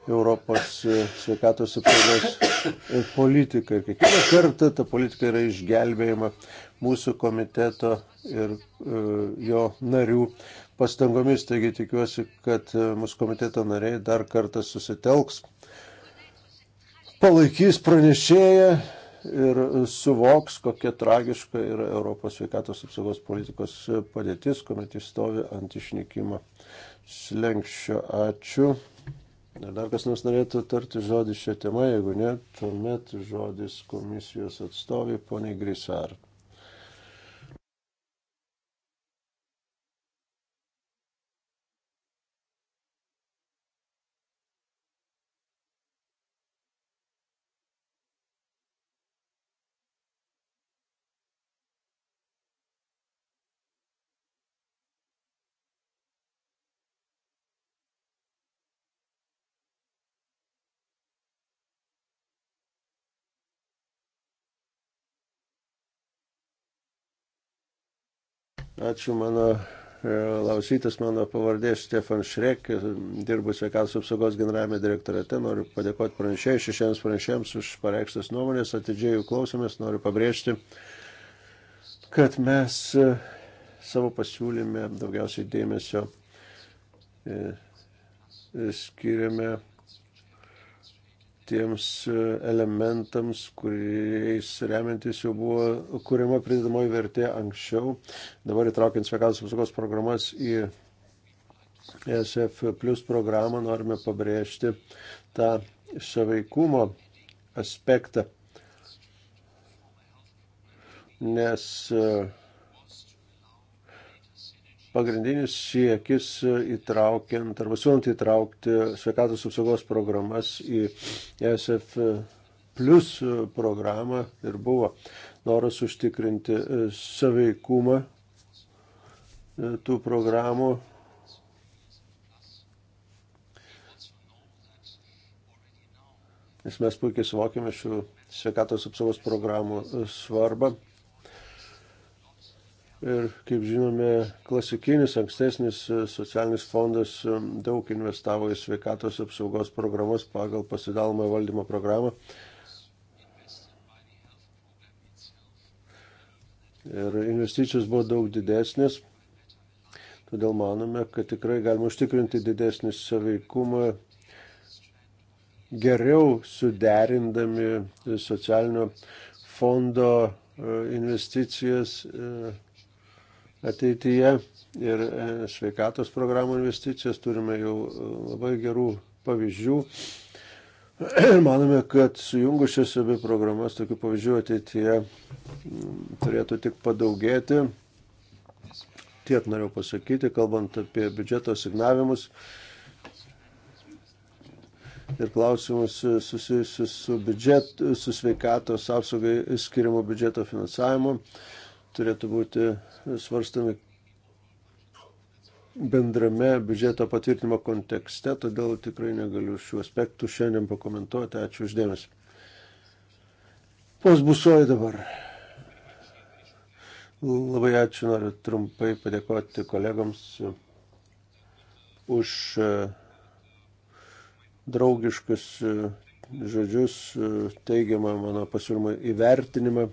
[SPEAKER 3] Europos e, sveikatos apsaugos politiką. Ir kiekvieną kartą ta politika yra išgelbėjama mūsų komiteto ir e, jo narių pastangomis, taigi tikiuosi, kad e, mūsų komiteto nariai dar kartą susitelks, palaikys pranešėją ir suvoks, kokia tragiška yra Europos sveikatos apsaugos politikos e, padėtis, kuomet jis stovi ant išnykimo slengščio. Ačiū. Ar dar kas nors norėtų tarti žodį šią temą, jeigu ne, tuomet žodis komisijos atstovė poniai Grisart. Ačiū mano e, lausytas, mano pavardė Stefan Šrek, dirbu sveikatos apsaugos generalinėme direktorate. Noriu padėkoti pranešėjai, šešiems pranešėjams už pareikštas nuomonės, atidžiai jų klausomės, noriu pabrėžti, kad mes e, savo pasiūlyme daugiausiai dėmesio e, skiriame tiems e, elementams, kuriais remiantis jau buvo kuriama pridedamoji vertė anksčiau. Dabar įtraukiant sveikatos apsaugos programas į ESF plus programą norime pabrėžti tą saveikumo aspektą. Nes uh, pagrindinis siekis įtraukiant arba siūlant įtraukti sveikatos apsaugos programas į ESF plus programą ir buvo noras užtikrinti saveikumą tų programų. Nes mes puikiai suvokiame šių sveikatos apsaugos programų svarbą Ir, kaip žinome, klasikinis ankstesnis e, socialinis fondas e, daug investavo į sveikatos apsaugos programas pagal pasidalomą valdymo programą. Ir investicijos buvo daug didesnės, todėl manome, kad tikrai galima užtikrinti didesnį saveikumą geriau suderindami socialinio fondo e, investicijas ateityje ir e, sveikatos programų investicijas. Turime jau e, labai gerų pavyzdžių. Ir manome, kad sujungus šias abi programas tokių pavyzdžių ateityje turėtų tik padaugėti. Tiek noriu pasakyti, kalbant apie biudžeto signavimus ir klausimus e, susijusius su, biudžet, su sveikatos apsaugai skiriamo biudžeto finansavimu turėtų būti svarstami bendrame biudžeto patvirtinimo kontekste, todėl tikrai negaliu šių aspektų šiandien pakomentuoti. Ačiū uždėmesi. Pos busoji dabar. Labai ačiū, noriu trumpai padėkoti kolegams už e, draugiškus e, žodžius, e, teigiamą mano pasiūlymą įvertinimą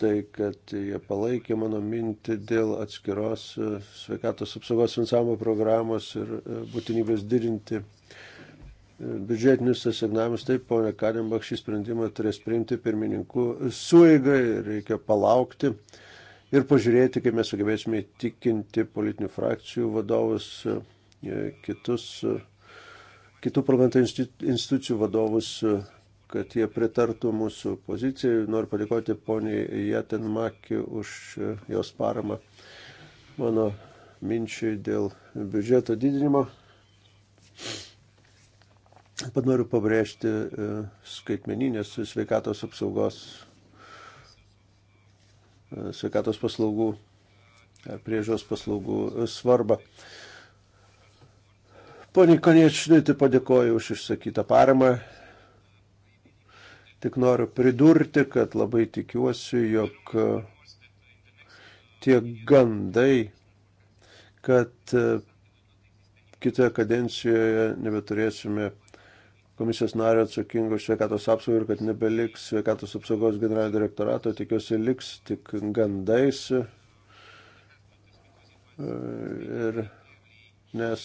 [SPEAKER 3] tai, kad jie palaikė mano mintį dėl atskiros e, sveikatos apsaugos finansavimo programos ir e, būtinybės didinti e, biudžetinius asignavimus. Taip, ponė Karimbak, šį sprendimą turės priimti pirmininkų suėgai, reikia palaukti ir pažiūrėti, kaip mes sugebėsime įtikinti politinių frakcijų vadovus, kitus, kitų parlamento institucijų vadovus kad jie pritartų mūsų pozicijai. Noriu padėkoti poniai Jatenmaki už jos paramą mano minčiai dėl biudžeto didinimo. Pat noriu pabrėžti e, skaitmeninės sveikatos apsaugos, e, sveikatos paslaugų ar priežos paslaugų svarbą. Pone Koniečiui, tai padėkoju už išsakytą paramą. Tik noriu pridurti, kad labai tikiuosi, jog tie gandai, kad kitoje kadencijoje nebeturėsime komisijos nario atsakingo už sveikatos apsaugą ir kad nebeliks sveikatos apsaugos generalinio direktorato, tikiuosi liks tik gandais. E, ir nes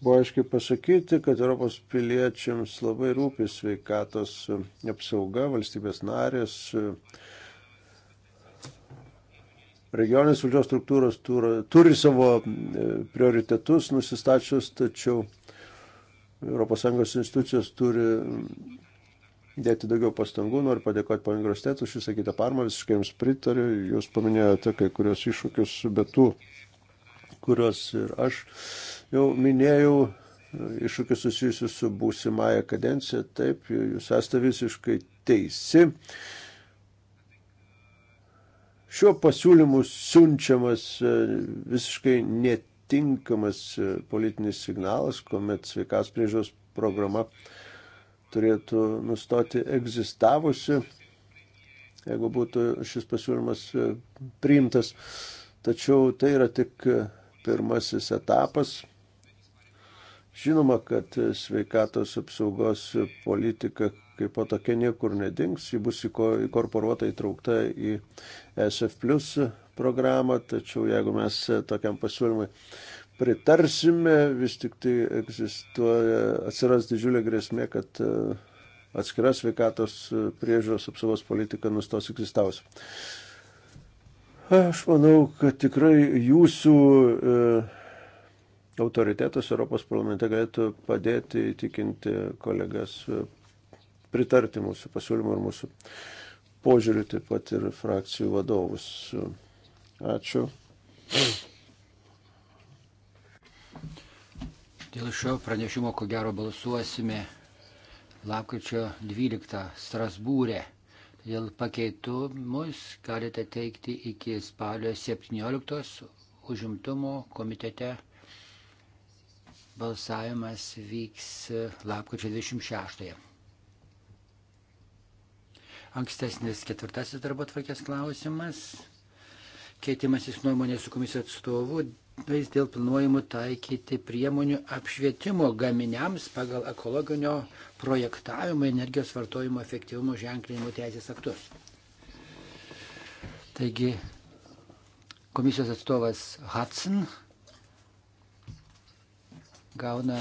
[SPEAKER 3] buvo aiškiai pasakyti, kad Europos piliečiams labai rūpi sveikatos apsauga, valstybės narės, regioninės valdžios struktūros turi, turi savo e, prioritetus nusistačius, tačiau ES institucijos turi dėti daugiau pastangų. Noriu padėkoti ponui Grostetui už išsakytą parmą, visiškai jums pritariu. Jūs paminėjote kai kurios iššūkius, bet tų, kuriuos ir aš Jau minėjau e, iššūkius susijusius su būsimąją kadenciją, taip, jūs esate visiškai teisi. Šiuo pasiūlymu siunčiamas e, visiškai netinkamas e, politinis signalas, kuomet sveikas priežiūros programa turėtų nustoti egzistavusi, jeigu būtų šis pasiūlymas priimtas. Tačiau tai yra tik pirmasis etapas Žinoma, kad sveikatos apsaugos politika kaip po tokia niekur nedings, ji bus įkorporuota įtraukta į e SF Plus programą, tačiau jeigu mes tokiam pasiūlymui pritarsime, vis tik tai egzistuoja, atsiras didžiulė grėsmė, kad e, atskira sveikatos priežiūros apsaugos politika nustos egzistaus. Aš manau, kad tikrai jūsų e, autoritetas Europos parlamente galėtų padėti įtikinti kolegas pritarti mūsų pasiūlymų ir mūsų požiūrį, taip pat ir frakcijų vadovus. Ačiū.
[SPEAKER 4] Dėl šio pranešimo, ko gero, balsuosime lapkričio 12 Strasbūrė. Dėl pakeitimus galite teikti iki spalio 17 užimtumo komitete Balsavimas vyks e, lapkričio 26. Ankstesnis ketvirtasis darbo tvarkės klausimas. Keitimasis nuomonės su komisijos atstovu vis dėl planuojimų taikyti priemonių apšvietimo gaminiams pagal ekologinio projektavimo energijos vartojimo efektyvumo ženklinimo teisės aktus. Taigi, komisijos atstovas Hudson gauna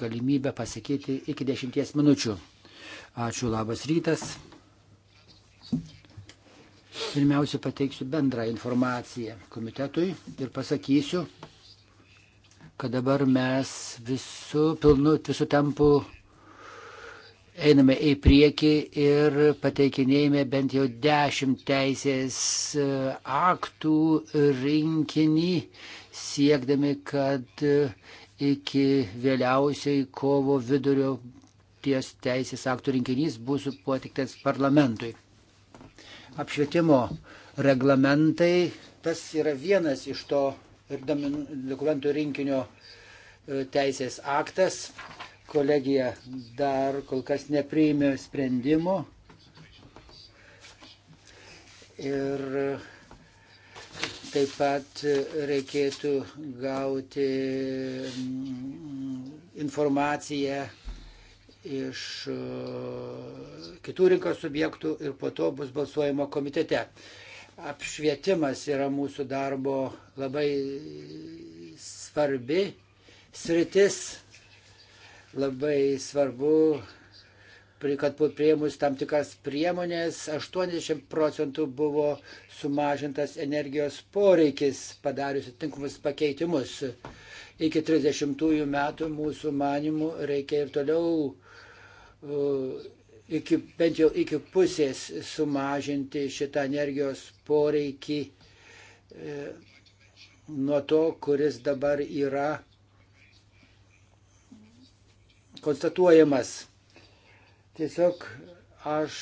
[SPEAKER 4] galimybę pasakyti iki dešimties minučių. Ačiū, labas rytas. Pirmiausia, pateiksiu bendrą informaciją komitetui ir pasakysiu, kad dabar mes visų pilnu, visų tempų einame į priekį ir pateikinėjame bent jau dešimt teisės e, aktų rinkinį, siekdami, kad e, iki vėliausiai kovo vidurio ties teisės aktų rinkinys bus patiktas parlamentui. Apšvietimo reglamentai, tas yra vienas iš to dokumentų rinkinio e, teisės aktas. Kolegija dar kol kas nepriėmė sprendimo. Ir Taip pat reikėtų gauti mm, informaciją iš uh, kitų rinkos subjektų ir po to bus balsuojama komitete. Apšvietimas yra mūsų darbo labai svarbi sritis. Labai svarbu kad prieimus tam tikras priemonės 80 procentų buvo sumažintas energijos poreikis padarius tinkamus pakeitimus. Iki 30 metų mūsų manimų reikia ir toliau uh, iki, bent jau iki pusės sumažinti šitą energijos poreikį uh, nuo to, kuris dabar yra konstatuojamas Tiesiog aš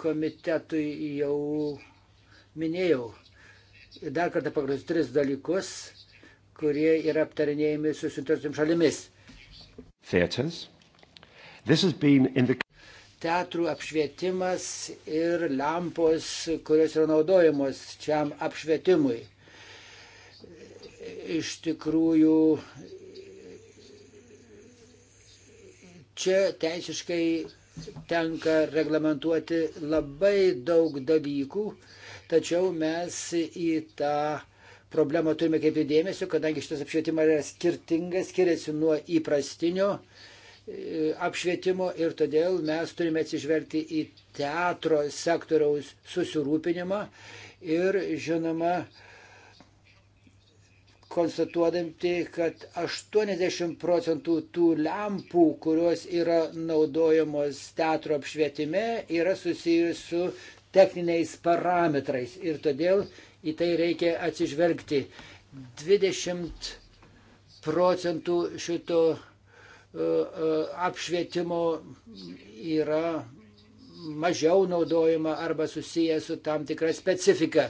[SPEAKER 4] komitetui jau minėjau ir dar kartą pagrindus tris dalykus, kurie yra aptarinėjami su suinteresuotim šalimis.
[SPEAKER 3] Theaters. This has been in the
[SPEAKER 4] teatrų apšvietimas ir lempos, kurios yra naudojamos šiam apšvietimui. Iš tikrųjų čia teisiškai tenka reglamentuoti labai daug dalykų, tačiau mes į tą problemą turime kaip įdėmėsiu, kadangi šitas apšvietimas yra skirtingas, skiriasi nuo įprastinio e, apšvietimo ir todėl mes turime atsižvelgti į teatro sektoriaus susirūpinimą ir žinoma, konstatuodami, tai, kad 80 procentų tų lempų, kurios yra naudojamos teatro apšvietime, yra susijusi su techniniais parametrais ir todėl į tai reikia atsižvelgti. 20 procentų šito e, e, apšvietimo yra mažiau naudojama arba susiję su tam tikra specifika.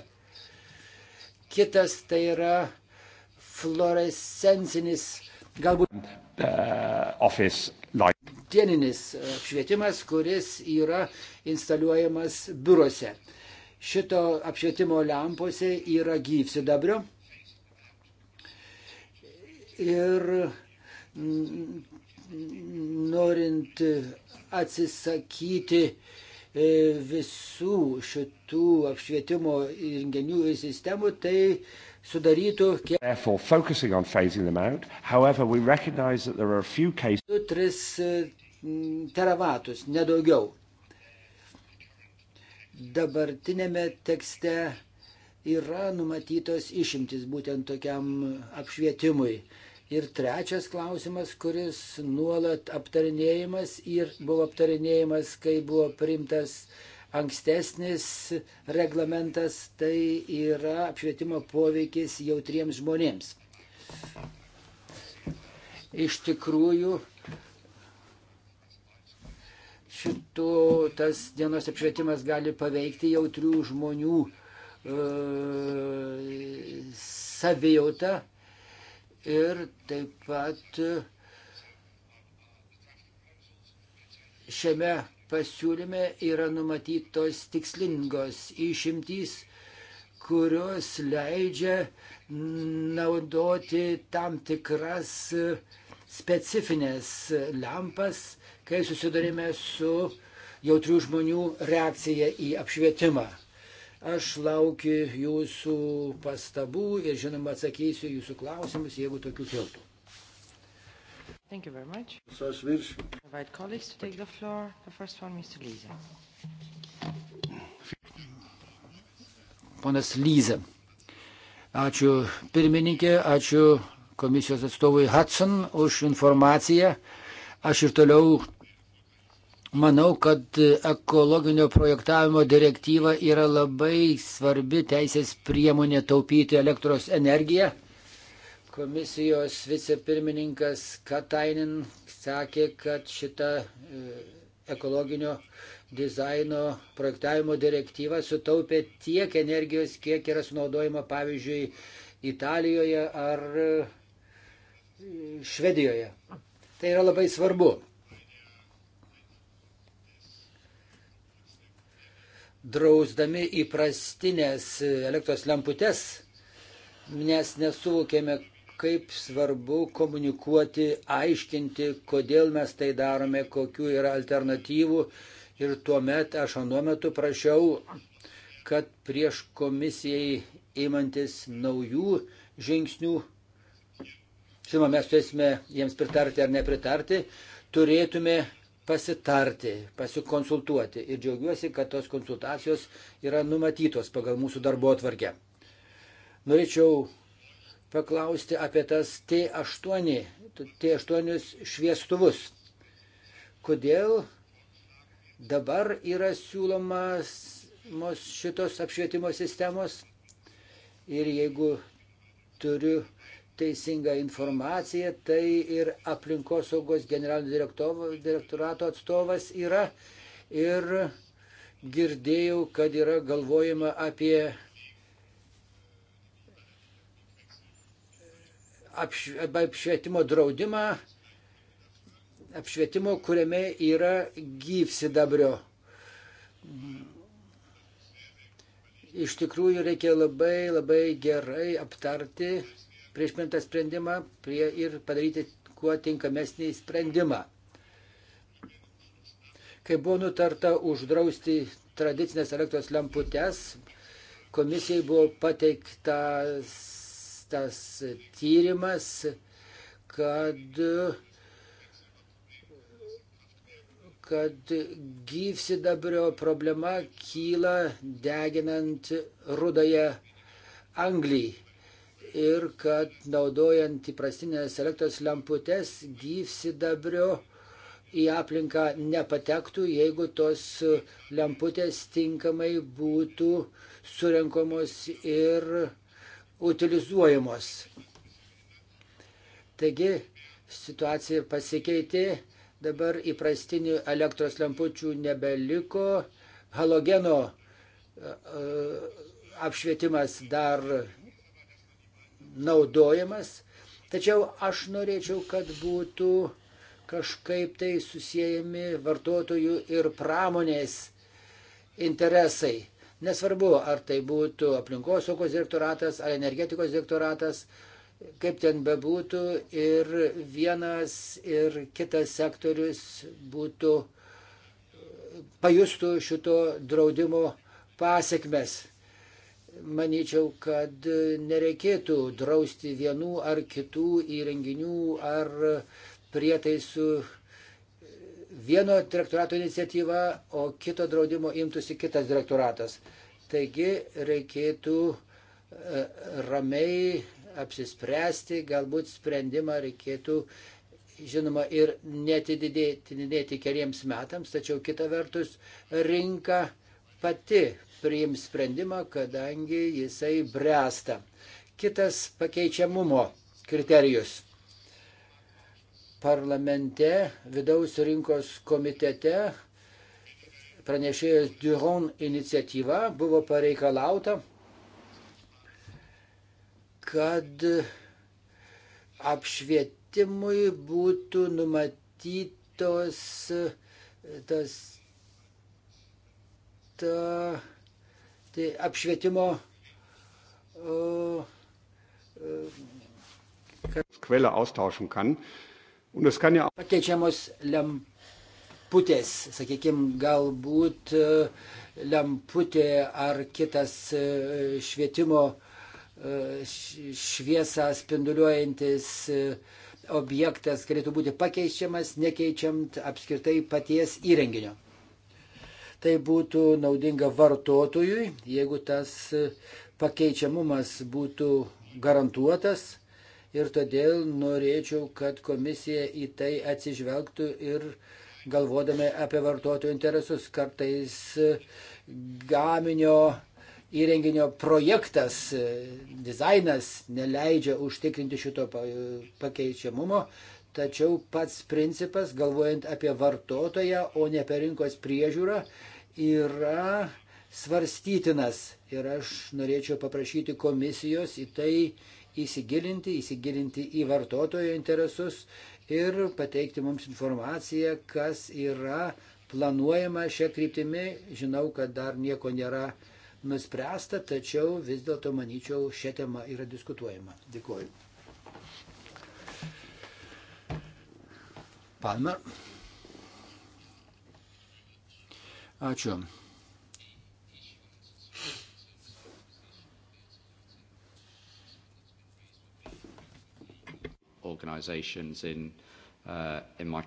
[SPEAKER 4] Kitas tai yra fluorescencinis, galbūt uh, dieninis apšvietimas, kuris yra instaliuojamas biurose. Šito apšvietimo lempose yra gyvsidabrio ir norint atsisakyti e, visų šitų apšvietimo įrenginių ir sistemų, tai sudarytų kiek
[SPEAKER 1] 2-3
[SPEAKER 4] e, teravatus, nedaugiau. Dabartinėme tekste yra numatytos išimtis būtent tokiam apšvietimui. Ir trečias klausimas, kuris nuolat aptarinėjimas ir buvo aptarinėjimas, kai buvo priimtas uh, Ankstesnis reglamentas tai yra apšvietimo poveikis jautriems žmonėms. Iš tikrųjų, šitų tas dienos apšvietimas gali paveikti jautrių žmonių e, savijautą ir taip pat šiame pasiūlyme yra numatytos tikslingos išimtys, kurios leidžia naudoti tam tikras specifines lempas, kai susidurime su jautrių žmonių reakcija į apšvietimą. Aš laukiu jūsų pastabų ir žinoma atsakysiu jūsų klausimus, jeigu tokių kiltų.
[SPEAKER 1] Thank you very much. Σας βίρς. Invite colleagues to take the floor. The first one, Mr. Lise.
[SPEAKER 4] Ponas Lyze. Ačiū pirmininkė, ačiū komisijos atstovui Hudson už informaciją. Aš ir toliau manau, kad ekologinio projektavimo direktyva yra labai svarbi teisės priemonė taupyti elektros energiją. Komisijos vicepirmininkas Katainin sakė, kad šita e, ekologinio dizaino projektavimo direktyva sutaupė tiek energijos, kiek yra sunaudojama, pavyzdžiui, Italijoje ar e, Švedijoje. Tai yra labai svarbu. Drausdami įprastinės elektros lemputes, nes nesuvokėme, kaip svarbu komunikuoti, aiškinti, kodėl mes tai darome, kokiu yra alternatyvų. Ir tuomet aš anu metu prašiau, kad prieš komisijai įmantis naujų žingsnių, žinoma, mes turėsime jiems pritarti ar nepritarti, turėtume pasitarti, pasikonsultuoti. Ir džiaugiuosi, kad tos konsultacijos yra numatytos pagal mūsų darbo atvarkę. Norėčiau paklausti apie tas T8, T8 šviestuvus. Kodėl dabar yra siūlomas šitos apšvietimo sistemos ir jeigu turiu teisingą informaciją, tai ir aplinkosaugos generalinio direktorato atstovas yra ir girdėjau, kad yra galvojama apie apšvietimo draudimą, apšvietimo, kuriame yra gyvsidabrio. Iš tikrųjų reikia labai labai gerai aptarti prieš primtą sprendimą prie ir padaryti kuo tinkamesnį sprendimą. Kai buvo nutarta uždrausti tradicinės elektros lemputes, komisijai buvo pateiktas tas tyrimas, kad, kad gyvsidabrio problema kyla deginant rudąją anglį ir kad naudojant įprastinės elektros lemputes gyvsidabrio į aplinką nepatektų, jeigu tos lemputės tinkamai būtų surenkamos ir utilizuojamos. Taigi situacija pasikeitė, dabar įprastinių elektros lampučių nebeliko, halogeno e, e, apšvietimas dar naudojamas, tačiau aš norėčiau, kad būtų kažkaip tai susijęjami vartotojų ir pramonės interesai. Nesvarbu, ar tai būtų aplinkosaugos direktoratas, ar energetikos direktoratas, kaip ten bebūtų, ir vienas ir kitas sektorius būtų e, pajustų šito draudimo pasiekmes. Manyčiau, kad nereikėtų drausti vienų ar kitų įrenginių ar prietaisų vieno direktorato iniciatyva, o kito draudimo imtųsi kitas direktoratas. Taigi reikėtų e, ramiai apsispręsti, galbūt sprendimą reikėtų, žinoma, ir netidinėti keliems metams, tačiau kita vertus rinka pati priims sprendimą, kadangi jisai bręsta. Kitas pakeičiamumo kriterijus parlamente, vidaus rinkos komitete pranešėjas Duron iniciatyva buvo pareikalauta, kad apšvietimui būtų numatytos tas ta, tai apšvietimo o,
[SPEAKER 3] o, e,
[SPEAKER 4] Quelle austauschen kann. Pakeičiamos lemputės, sakykime, galbūt e, lemputė ar kitas e, švietimo e, šviesą spinduliuojantis objektas galėtų būti pakeičiamas, nekeičiant apskritai paties įrenginio. Tai būtų naudinga vartotojui, jeigu tas pakeičiamumas būtų garantuotas ir todėl norėčiau, kad komisija į tai atsižvelgtų ir galvodami apie vartotojų interesus. Kartais gaminio įrenginio projektas, dizainas neleidžia užtikrinti šito pakeičiamumo, tačiau pats principas, galvojant apie vartotoją, o ne apie rinkos priežiūrą, yra svarstytinas. Ir aš norėčiau paprašyti komisijos į tai įsigilinti, įsigilinti į vartotojo interesus ir pateikti mums informaciją, kas yra planuojama šią kryptimį. Žinau, kad dar nieko nėra nuspręsta, tačiau vis dėlto manyčiau, šią temą yra diskutuojama. Dėkuoju. Palmer. Ačiū.
[SPEAKER 1] organizations in, uh, in my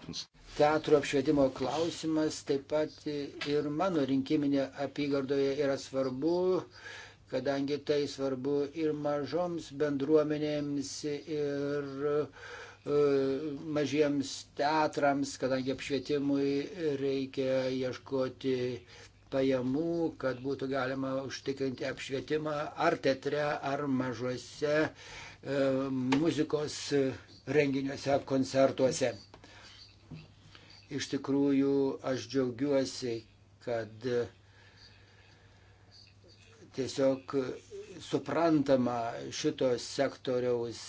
[SPEAKER 4] Teatro apšvietimo klausimas taip pat ir mano rinkiminė apygardoje yra svarbu, kadangi tai svarbu ir mažoms bendruomenėms, ir uh, mažiems teatrams, kadangi apšvietimui reikia ieškoti pajamų, kad būtų galima užtikrinti apšvietimą ar teatre, ar mažose E, muzikos renginiuose, koncertuose. Iš tikrųjų, aš džiaugiuosi, kad tiesiog suprantama šito sektoriaus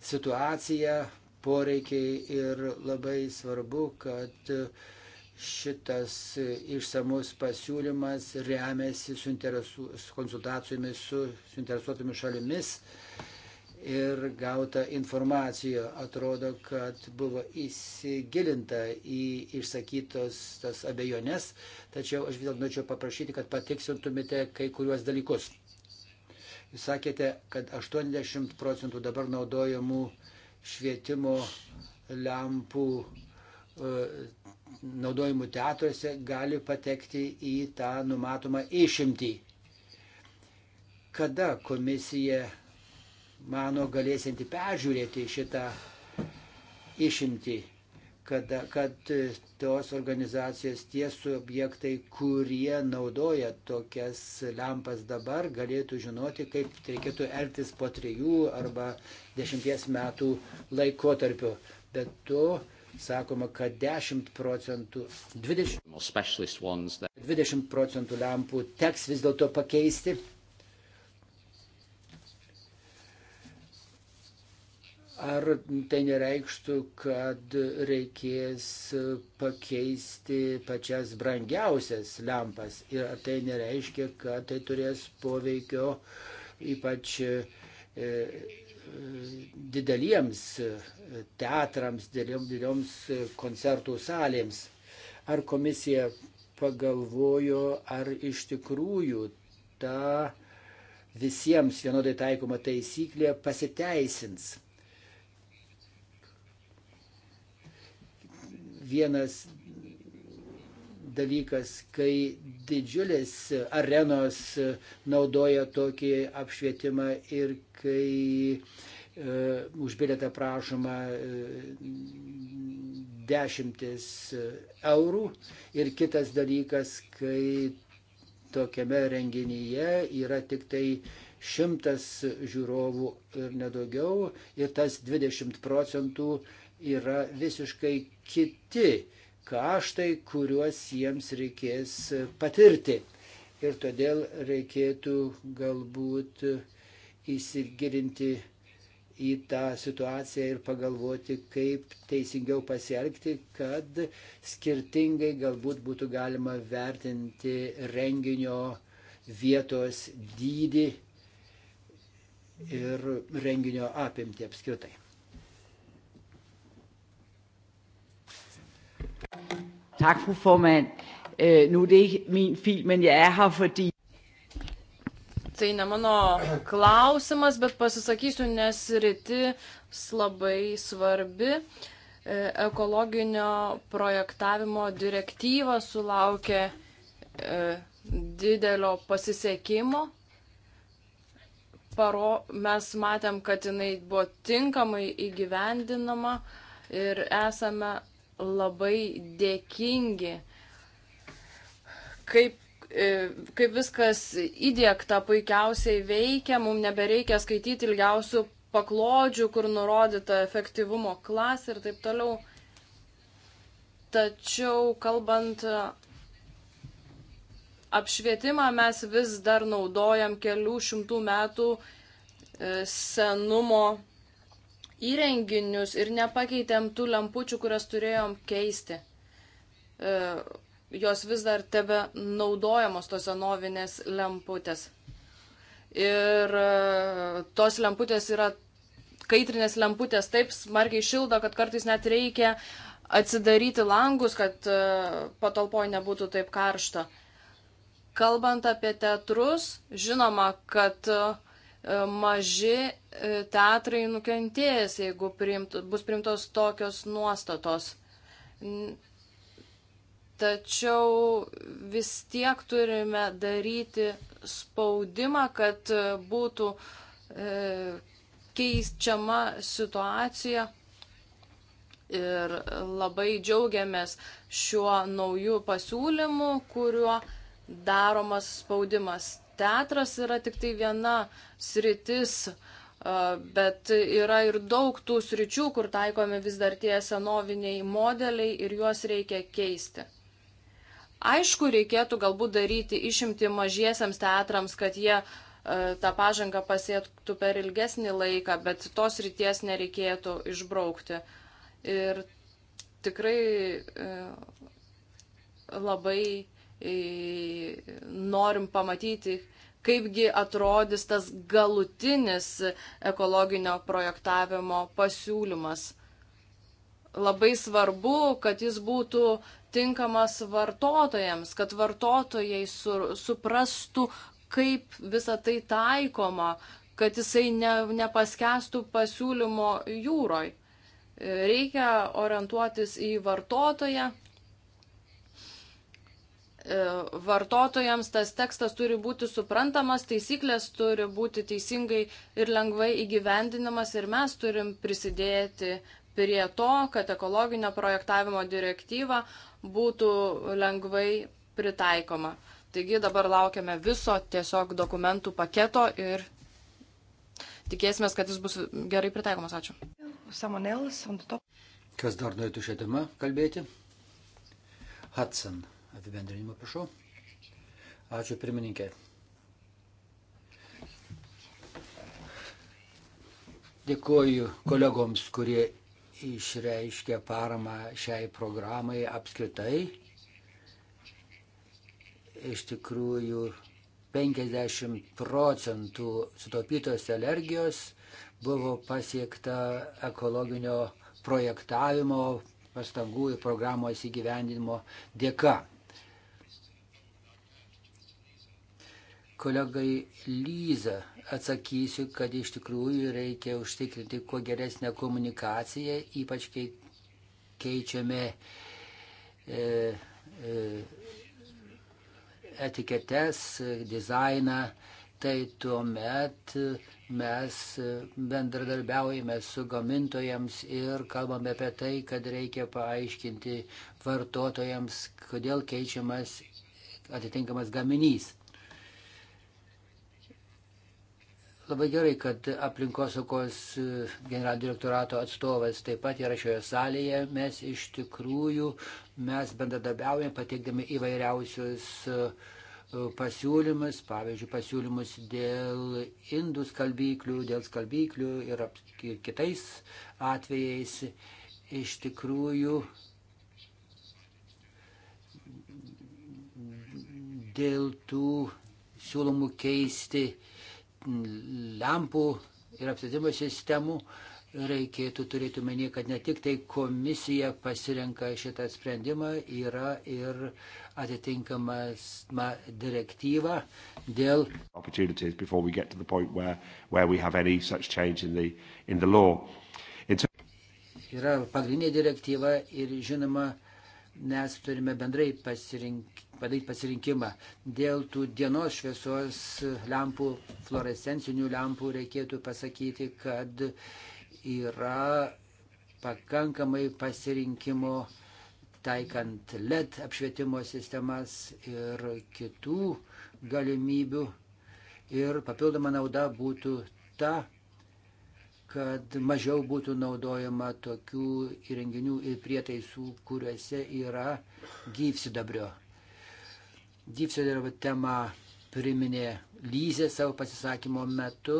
[SPEAKER 4] situacija, poreikiai ir labai svarbu, kad šitas išsamus pasiūlymas remiasi konsultacijomis su suinteresuotomis šalimis ir gauta informacija. Atrodo, kad buvo įsigilinta į išsakytos tas abejonės, tačiau aš vis dėlto norėčiau paprašyti, kad patiksintumėte kai kuriuos dalykus. Jūs sakėte, kad 80 procentų dabar naudojamų švietimo lempų e, naudojimų teatruose gali patekti į tą numatomą išimtį. Kada komisija mano galėsinti peržiūrėti šitą išimtį, kad, kad tos organizacijos tie subjektai, kurie naudoja tokias lempas dabar, galėtų žinoti, kaip reikėtų elgtis po trijų arba dešimties metų laikotarpio. Bet to sakoma, kad 10 procentų,
[SPEAKER 1] 20,
[SPEAKER 4] 20 procentų lempų teks vis dėlto pakeisti Ar tai nereikštų, kad reikės pakeisti pačias brangiausias lempas? Ir ar tai nereiškia, kad tai turės poveikio ypač e, e dideliems teatrams, didelioms koncertų salėms? Ar komisija pagalvojo, ar iš tikrųjų ta visiems vienodai taikoma taisyklė pasiteisins? vienas dalykas, kai didžiulės arenos naudoja tokį apšvietimą ir kai e, už bilietą prašoma e, dešimtis eurų ir kitas dalykas, kai tokiame renginyje yra tik tai šimtas žiūrovų ir nedaugiau ir tas 20 procentų e, yra visiškai kiti kaštai, kuriuos jiems reikės patirti. Ir todėl reikėtų galbūt įsigilinti į tą situaciją ir pagalvoti, kaip teisingiau pasielgti, kad skirtingai galbūt būtų galima vertinti renginio vietos dydį ir renginio apimti apskritai.
[SPEAKER 1] Tak, fru formand. Øh, nu er det ikke min fil, men jeg er her, fordi...
[SPEAKER 2] Tai ne mano klausimas, bet pasisakysiu, nes rytis labai svarbi. E, ekologinio projektavimo direktyva sulaukė e, didelio pasisekimo. Paro, mes matėm, kad jinai buvo tinkamai įgyvendinama ir esame labai dėkingi, kaip, e, kaip viskas įdėkta puikiausiai veikia, mums nebereikia skaityti ilgiausių paklodžių, kur nurodyta efektyvumo klasė ir taip toliau. Tačiau kalbant apšvietimą, mes vis dar naudojam kelių šimtų metų e, senumo įrenginius ir nepakeitėm tų lampučių, kurias turėjom keisti. E, jos vis dar tebe naudojamos tos senovinės lemputės. Ir e, tos lemputės yra kaitrinės lemputės taip smarkiai šildo, kad kartais net reikia atsidaryti langus, kad e, patalpoje nebūtų taip karšta. Kalbant apie teatrus, žinoma, kad e, E, maži e, teatrai nukentės, jeigu priimt, bus priimtos tokios nuostatos. Tačiau vis tiek turime daryti spaudimą, kad būtų e, keičiama situacija. Ir labai džiaugiamės šiuo nauju pasiūlymu, kuriuo daromas spaudimas teatras yra tik tai viena sritis, bet yra ir daug tų sričių, kur taikomi vis dar tie senoviniai modeliai ir juos reikia keisti. Aišku, reikėtų galbūt daryti išimti mažiesiams teatrams, kad jie tą pažangą pasiektų per ilgesnį laiką, bet tos ryties nereikėtų išbraukti. Ir tikrai labai norim pamatyti, kaipgi atrodys tas galutinis ekologinio projektavimo pasiūlymas. Labai svarbu, kad jis būtų tinkamas vartotojams, kad vartotojai su, suprastų, kaip visa tai taikoma, kad jisai ne, nepaskestų pasiūlymo jūroj. Reikia orientuotis į vartotoją, E, vartotojams tas tekstas turi būti suprantamas, taisyklės turi būti teisingai ir lengvai įgyvendinamas ir mes turim prisidėti prie to, kad ekologinio projektavimo direktyva būtų lengvai pritaikoma. Taigi dabar laukiame viso tiesiog dokumentų paketo ir tikėsime, kad jis bus gerai pritaikomas. Ačiū.
[SPEAKER 4] Kas dar norėtų šią temą kalbėti? Hudson apibendrinimo prašau. Ačiū pirmininkė. Dėkuoju kolegoms, kurie išreiškė paramą šiai programai apskritai. Iš tikrųjų, 50 procentų sutaupytos energijos buvo pasiekta ekologinio projektavimo pastangų ir programos įgyvendinimo dėka. kolegai Lyza atsakysiu, kad iš tikrųjų reikia užtikrinti kuo geresnę komunikaciją, ypač kai keičiame e, e, etiketes, dizainą, tai tuomet mes bendradarbiaujame su gamintojams ir kalbame apie tai, kad reikia paaiškinti vartotojams, kodėl keičiamas atitinkamas gaminys. Labai gerai, kad aplinkosaugos e, generalinio direktorato atstovas taip pat yra šioje salėje. Mes iš tikrųjų, mes bendradarbiaujame, pateikdami įvairiausius e, pasiūlymus, pavyzdžiui, pasiūlymus dėl indų skalbyklių, dėl skalbyklių ir kitais atvejais. Iš tikrųjų, dėl tų siūlomų keisti uh, lempų ir apsėdimo sistemų, reikėtų turėti menį, kad ne tik tai komisija pasirenka šitą sprendimą, yra ir atitinkamas ma, direktyva
[SPEAKER 1] dėl. Where, where in the, in the It's...
[SPEAKER 4] Yra pagrindinė direktyva ir žinoma, mes turime bendrai pasirink, padaryti pasirinkimą. Dėl tų dienos šviesos lempų, fluorescencinių lempų reikėtų pasakyti, kad yra pakankamai pasirinkimo taikant LED apšvietimo sistemas ir kitų galimybių. Ir papildoma nauda būtų ta, kad mažiau būtų naudojama tokių įrenginių ir prietaisų, kuriuose yra gyvsidabrio. Dypsoderio temą priminė Lyzė savo pasisakymo metu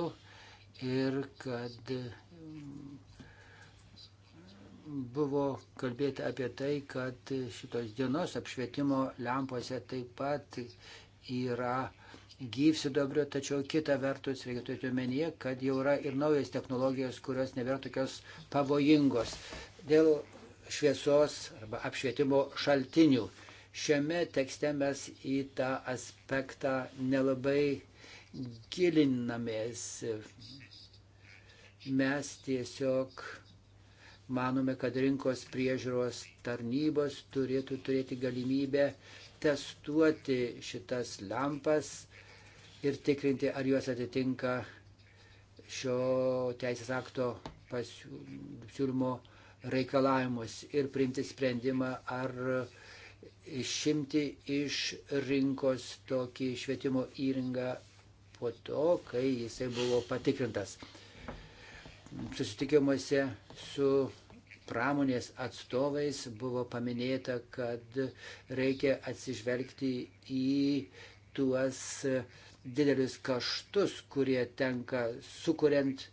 [SPEAKER 4] ir kad mm, buvo kalbėta apie tai, kad šitos dienos apšvietimo lempose taip pat yra gyvsidabrio, tačiau kita vertus reikia turėti omenyje, kad jau yra ir naujas technologijos, kurios nebėra tokios pavojingos dėl šviesos arba apšvietimo šaltinių. Šiame tekste mes į tą aspektą nelabai gilinamės. Mes tiesiog manome, kad rinkos priežiūros tarnybos turėtų turėti galimybę testuoti šitas lampas ir tikrinti, ar juos atitinka šio teisės akto pasiūlymo reikalavimus ir priimti sprendimą, ar išimti iš rinkos tokį švietimo įrangą po to, kai jisai buvo patikrintas. Susitikimuose su pramonės atstovais buvo paminėta, kad reikia atsižvelgti į tuos didelius kaštus, kurie tenka sukuriant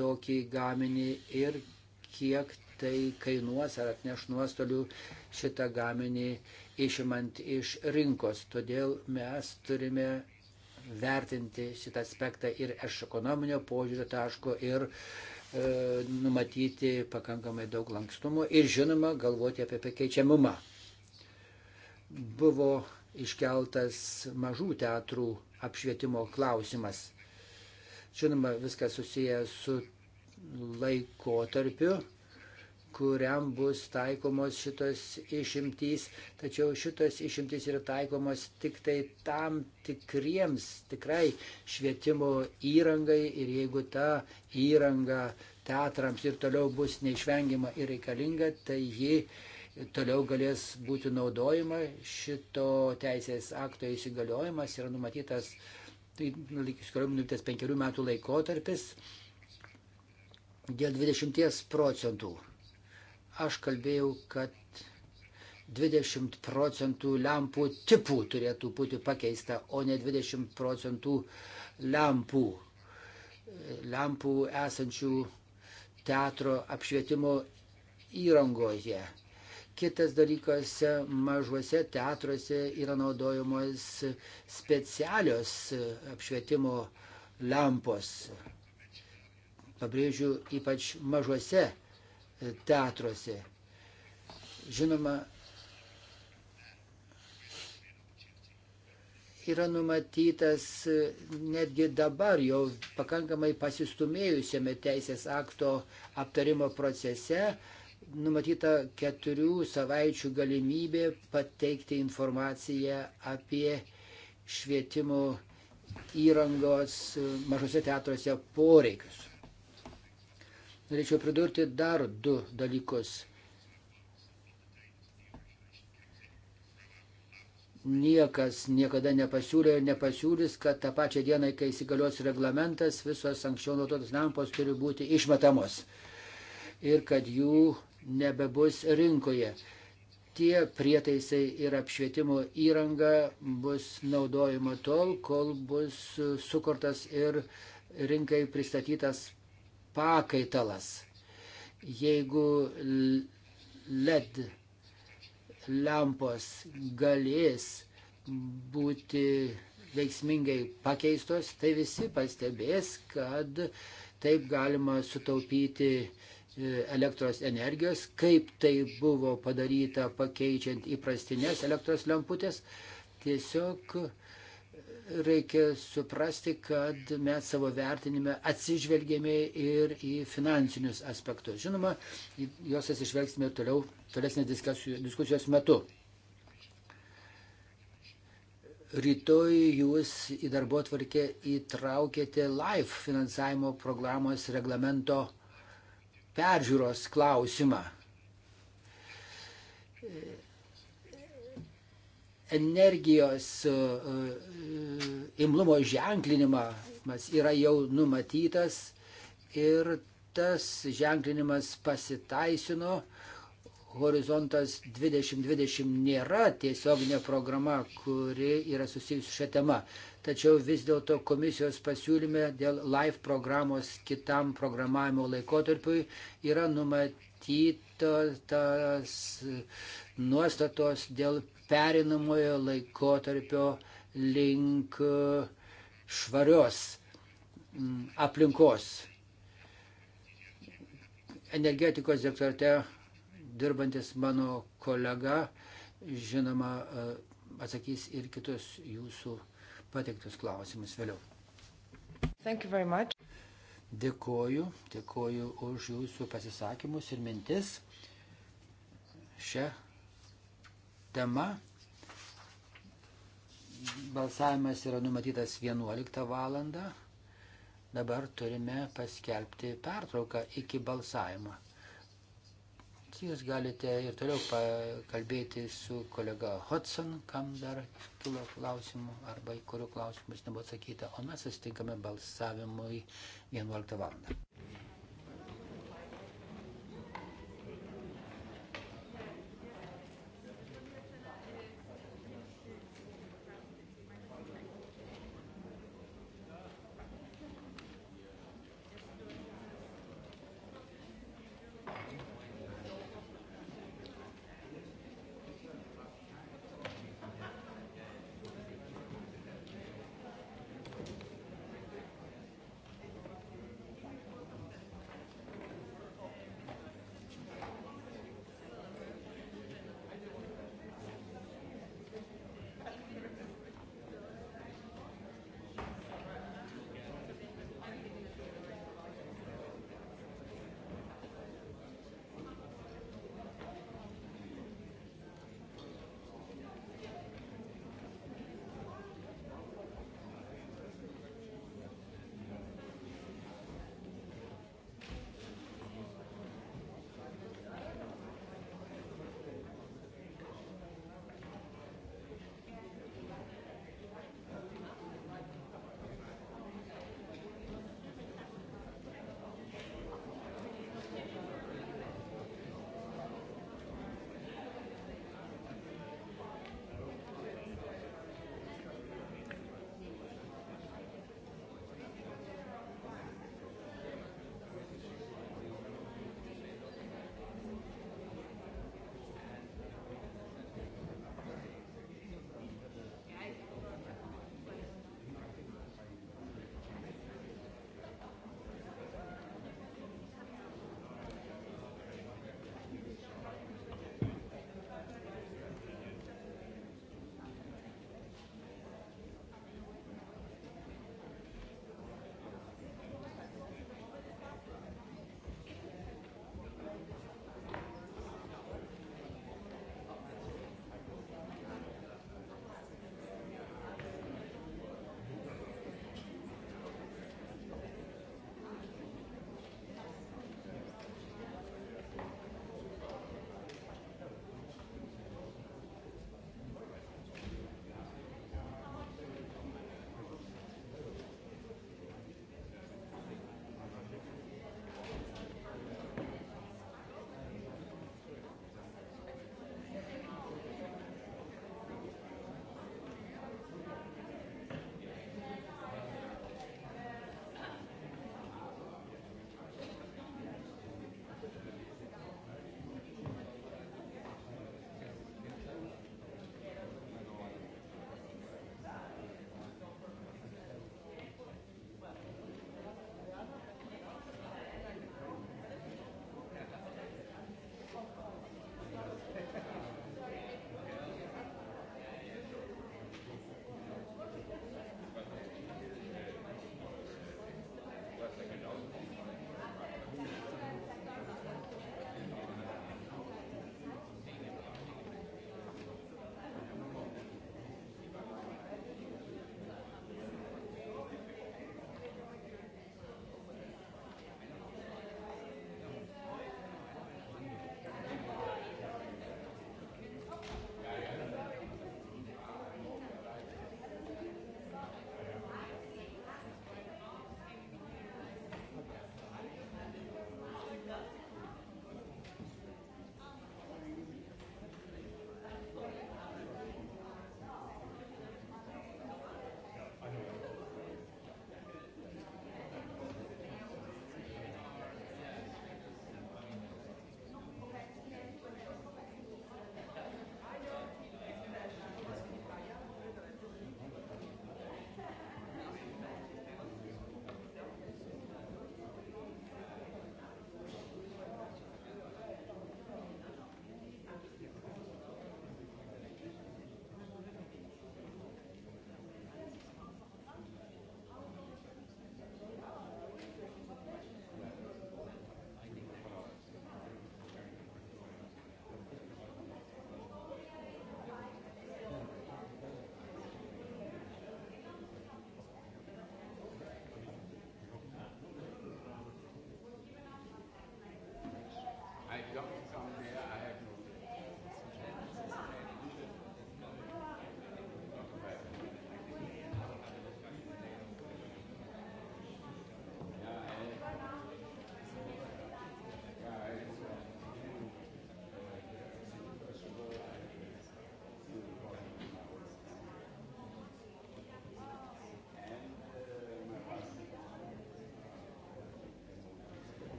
[SPEAKER 4] tokį gaminį ir kiek tai kainuos ar atneš nuostolių šitą gaminį išimant iš rinkos. Todėl mes turime vertinti šitą aspektą ir iš ekonominio požiūrio taško ir e, numatyti pakankamai daug lankstumo ir žinoma galvoti apie pakeičiamumą. Buvo iškeltas mažų teatrų apšvietimo klausimas. Žinoma, viskas susijęs su laiko tarpiu, kuriam bus taikomos šitos išimtys, tačiau šitos išimtys yra taikomos tik tai tam tikriems, tikrai švietimo įrangai ir jeigu ta įranga teatrams ir toliau bus neišvengiama ir reikalinga, tai ji toliau galės būti naudojama. Šito teisės akto įsigaliojimas yra numatytas, tai numatytas penkerių metų laikotarpis dėl 20 procentų. Aš kalbėjau, kad 20 procentų lempų tipų turėtų būti pakeista, o ne 20 procentų lempų. Lempų esančių teatro apšvietimo įrangoje. Kitas dalykas, mažuose teatruose yra naudojamos specialios apšvietimo lempos. Pabrėžiu, ypač mažuose teatruose teatruose. Žinoma, yra numatytas netgi dabar jau pakankamai pasistumėjusiame teisės akto aptarimo procese numatyta keturių savaičių galimybė pateikti informaciją apie švietimo įrangos mažose teatruose poreikius. Norėčiau pridurti dar du dalykus. Niekas niekada nepasiūlė ir nepasiūlys, kad tą pačią dieną, kai įsigalios reglamentas, visos anksčiau naudotos lempos turi būti išmetamos ir kad jų nebebus rinkoje. Tie prietaisai ir apšvietimo įranga bus naudojama tol, kol bus sukurtas ir rinkai pristatytas pakaitalas. Jeigu LED lempos galės būti veiksmingai pakeistos, tai visi pastebės, kad taip galima sutaupyti e, elektros energijos, kaip tai buvo padaryta pakeičiant įprastinės elektros lemputės. Tiesiog uh, reikia suprasti, kad mes savo vertinime atsižvelgėme ir į finansinius aspektus. Žinoma, juos atsižvelgsime toliau tolesnės diskusijos metu. Rytoj jūs į darbo tvarkę įtraukėte LIFE finansavimo programos reglamento peržiūros klausimą energijos e, e, imlumo ženklinimas yra jau numatytas ir tas ženklinimas pasitaisino. Horizontas 2020 nėra tiesioginė programa, kuri yra susijusi šią temą. Tačiau vis dėlto komisijos pasiūlyme dėl LIFE programos kitam programavimo laikotarpiui yra numatytas nuostatos dėl perinamojo laikotarpio link e, švarios aplinkos. Energetikos sektorte dirbantis mano kolega, žinoma, e, atsakys ir kitus jūsų pateiktus klausimus vėliau. Dėkoju, dėkoju už jūsų pasisakymus ir mintis. Šią tema. Balsavimas yra numatytas 11 valandą. Dabar turime paskelbti pertrauką iki balsavimo. Jūs galite ir toliau pakalbėti su kolega Hudson, kam dar kilo klausimų arba į kurių klausimus nebuvo atsakyta, o mes susitinkame balsavimui 11 valandą.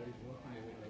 [SPEAKER 4] dainuotų jau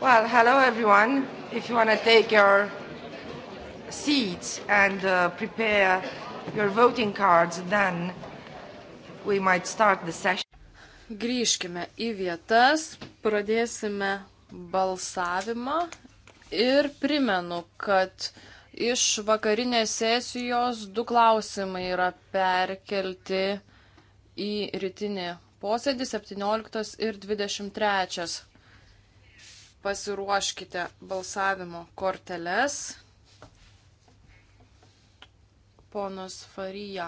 [SPEAKER 1] Well, hello everyone. If you want to take your seats and uh, prepare your voting cards, then
[SPEAKER 2] we might start the session. Grįžkime į vietas, pradėsime balsavimą ir primenu, kad iš vakarinės sesijos du klausimai yra perkelti į rytinį posėdį 17 ir 23 pasiruoškite balsavimo korteles. Ponas Farija,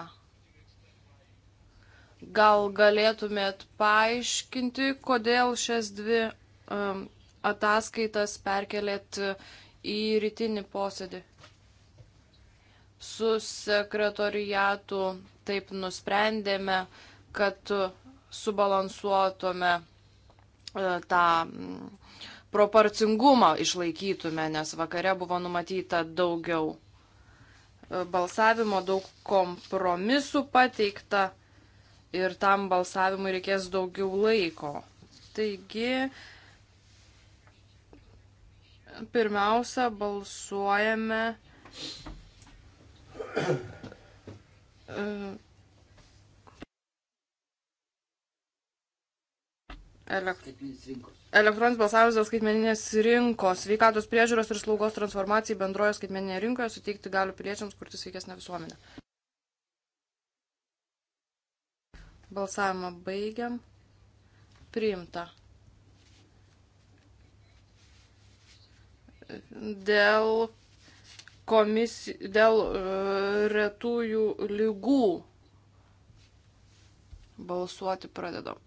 [SPEAKER 2] gal galėtumėt paaiškinti, kodėl šias dvi um, ataskaitas perkelėt į rytinį posėdį? Su sekretoriatu taip nusprendėme, kad subalansuotume e, tą um, proporcingumą išlaikytume, nes vakare buvo numatyta daugiau e, balsavimo, daug kompromisų pateikta ir tam balsavimui reikės daugiau laiko. Taigi, pirmiausia, balsuojame e, elektroninis rinkos. Elektroninis balsavimas dėl skaitmeninės rinkos, sveikatos priežiūros ir slaugos transformacijai bendroje skaitmeninėje rinkoje suteikti galių piliečiams kurti sveikesnę visuomenę. Balsavimą baigiam. Priimta. Dėl, komisi... dėl e, retųjų lygų balsuoti pradedam.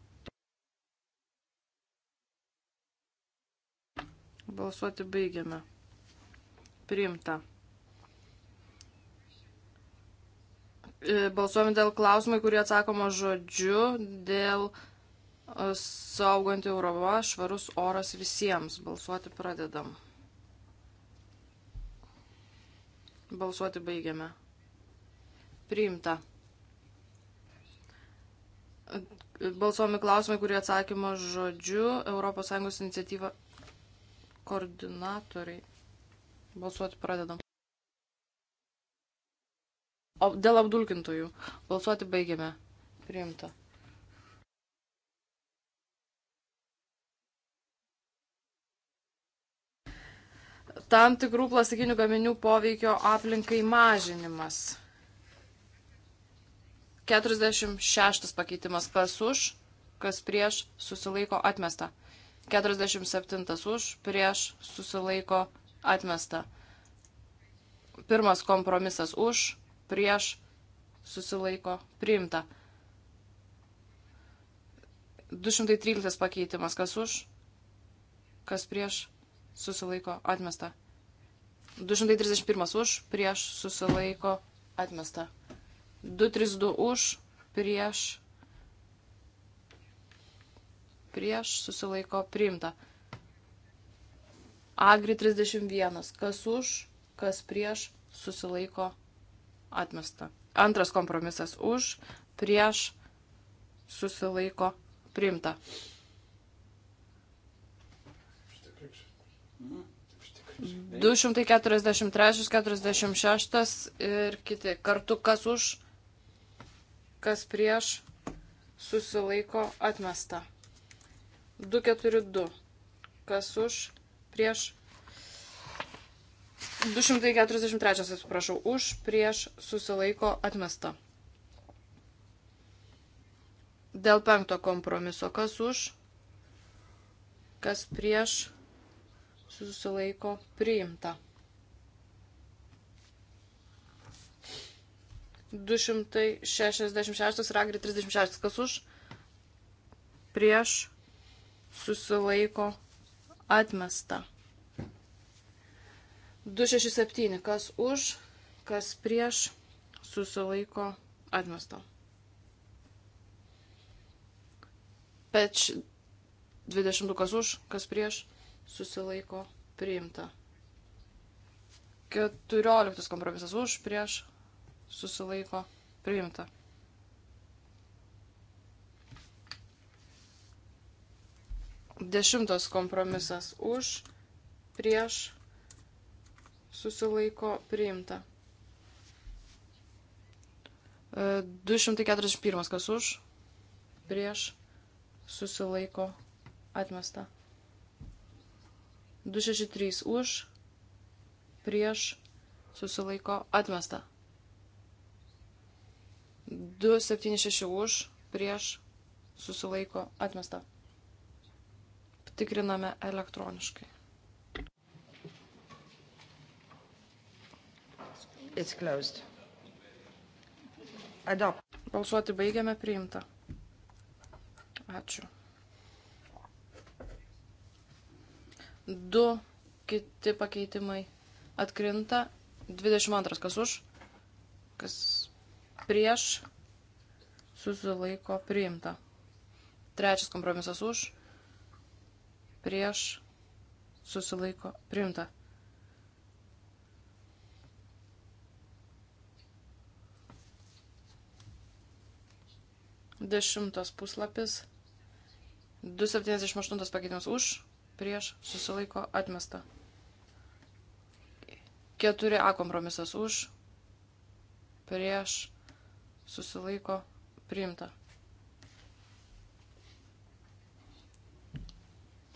[SPEAKER 2] Balsuoti baigiame. Priimta. E, balsuojame dėl klausimai, kurie atsakoma žodžiu, dėl e, saugant Europą, švarus oras visiems. Balsuoti pradedam. Balsuoti baigiame. Priimta. E, Balsuomi klausimai, kurie atsakymą žodžiu, ES iniciatyva Koordinatoriai. Balsuoti pradedam. O dėl apdulkintojų. Balsuoti baigiame. Priimta. Tam tikrų plastikinių gaminių poveikio aplinkai mažinimas. 46 pakeitimas kas už, kas prieš, susilaiko atmesta. 47 už, prieš, susilaiko, atmesta. Pirmas kompromisas už, prieš, susilaiko, priimta. 213 pakeitimas, kas už, kas prieš, susilaiko, atmesta. 231 už, prieš, susilaiko, atmesta. 232 už, prieš, prieš susilaiko priimta. Agri 31. Kas už, kas prieš susilaiko atmesta. Antras kompromisas už, prieš susilaiko priimta. Mm. 243, 46 ir kiti. Kartu kas už, kas prieš, susilaiko atmesta. 242. Kas už, prieš. 243, atsiprašau, už, prieš, susilaiko, atmesta. Dėl penkto kompromiso, kas už, kas prieš, susilaiko, priimta. 266, ragri 36, kas už, prieš, susilaiko atmesta. 267. Kas už, kas prieš susilaiko atmesta. Peč 20. Kas už, kas prieš susilaiko priimta. 14. Kompromisas už, prieš susilaiko priimta. Dešimtas kompromisas už, prieš, susilaiko priimta. 241 e, kas už, prieš, susilaiko atmesta. 263 už, prieš, susilaiko atmesta. 276 už, prieš, susilaiko atmesta tikriname elektroniškai. It's closed. Adopt. Balsuoti baigiame priimta. Ačiū. Du kiti pakeitimai atkrinta. 22 kas už, kas prieš, susilaiko priimta. Trečias kompromisas už, prieš susilaiko priimta. Dešimtas puslapis. 278 pakeitimas už, prieš susilaiko atmesta. 4A kompromisas už, prieš susilaiko priimta.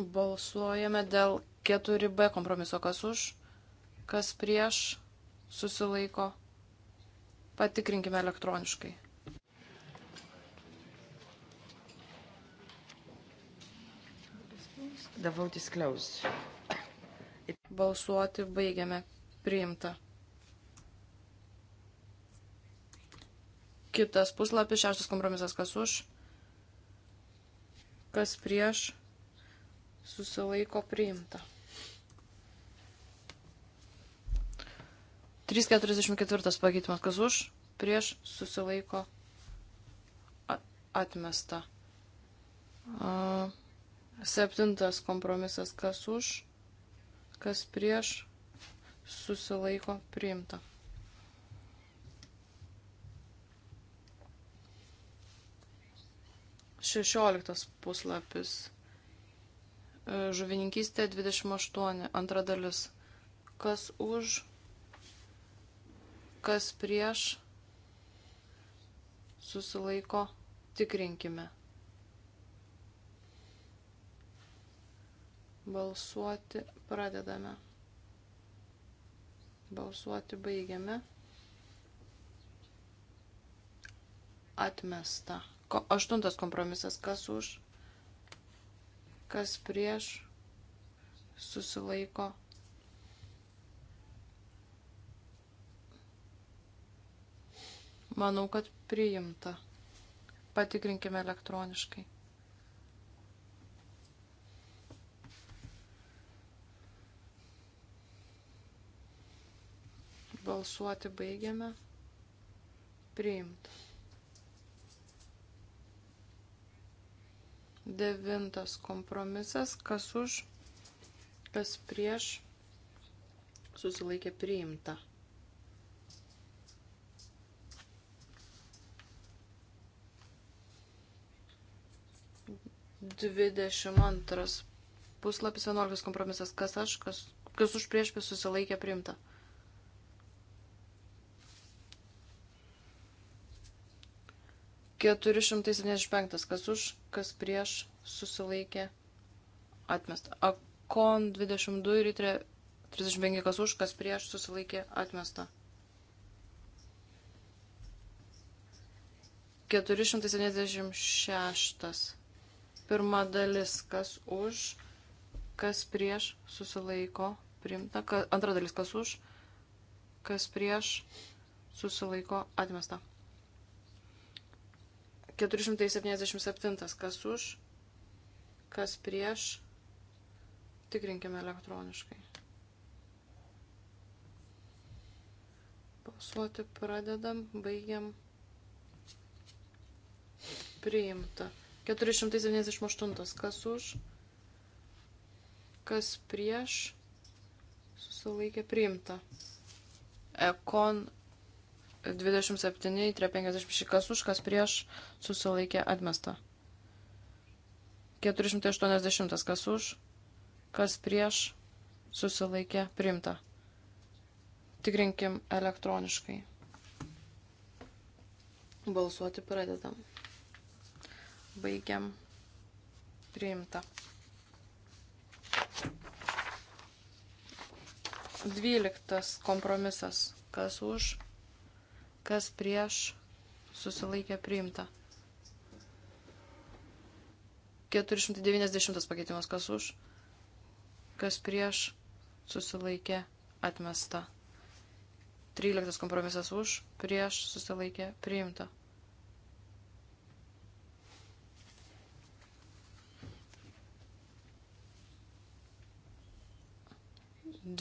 [SPEAKER 2] Balsuojame dėl 4B kompromiso. Kas už, kas prieš, susilaiko. Patikrinkime elektroniškai. The vote is closed. It... Balsuoti baigiame. Priimta. Kitas puslapis, šeštas kompromisas, kas už, kas prieš, susilaiko priimta. 344 pakeitimas, kas už, prieš susilaiko atmesta. Septintas kompromisas, kas už, kas prieš susilaiko priimta. Šešioliktas puslapis. Žuvininkystė 28, antra dalis. Kas už, kas prieš, susilaiko, tikrinkime. Balsuoti pradedame. Balsuoti baigiame. Atmesta. Ko, aštuntas kompromisas. Kas už? kas prieš susilaiko. Manau, kad priimta. Patikrinkime elektroniškai. Balsuoti baigiame. Priimta. Devintas kompromisas, kas už, kas prieš, susilaikė priimta. Dvidešimt antras puslapis, vienuoliktas kompromisas, kas aš, kas, kas už prieš, kas susilaikė priimta. 475. Kas už, kas prieš susilaikė atmesta. Akon 22 ir 35. Kas už, kas prieš susilaikė atmesta. 476. Pirma dalis, kas už, kas prieš susilaiko primta. Antra dalis, kas už, kas prieš susilaiko atmesta. 477. Kas už, kas prieš. Tikrinkime elektroniškai. Balsuoti pradedam, baigiam. Priimta. 478. Kas už, kas prieš. Susilaikė priimta. Ekon 27, 356, kas už, kas prieš, susilaikė atmesta. 480, kas už, kas prieš, susilaikė primta. Tikrinkim elektroniškai. Balsuoti pradedam. Baigiam. Priimta. 12 kompromisas. Kas už? kas prieš susilaikė priimta. 490 pakeitimas, kas už, kas prieš susilaikė atmesta. 13 kompromisas už, prieš susilaikė priimta.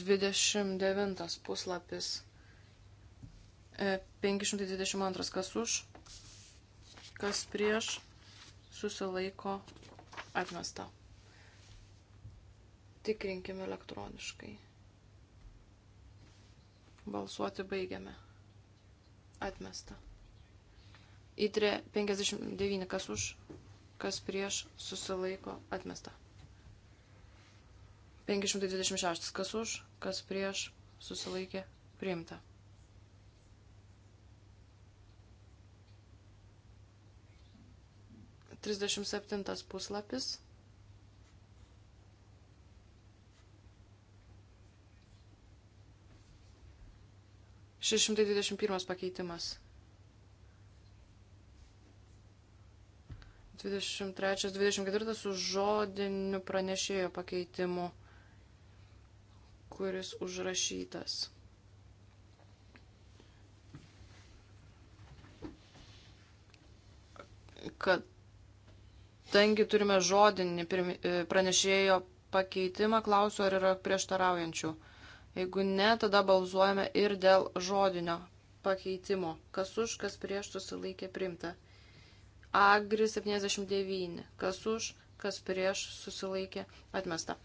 [SPEAKER 2] Dvidešimt devintas puslapis. 522 e, kas už, kas prieš, susilaiko atmesta. Tikrinkime elektroniškai. Balsuoti baigiame. Atmesta. Įtrė 59 kas už, kas prieš, susilaiko atmesta. 526 kas už, kas prieš, susilaikė priimta. 37 puslapis. Šešimtai dvidešimt pirmas pakeitimas. 23-24 su žodiniu pranešėjo pakeitimu, kuris užrašytas. Kad Kadangi turime žodinį e, pranešėjo pakeitimą, klausiu, ar yra prieštaraujančių. Jeigu ne, tada balsuojame ir dėl žodinio pakeitimo. Kas už, kas prieš susilaikė primta. Agri 79. Kas už, kas prieš susilaikė atmesta.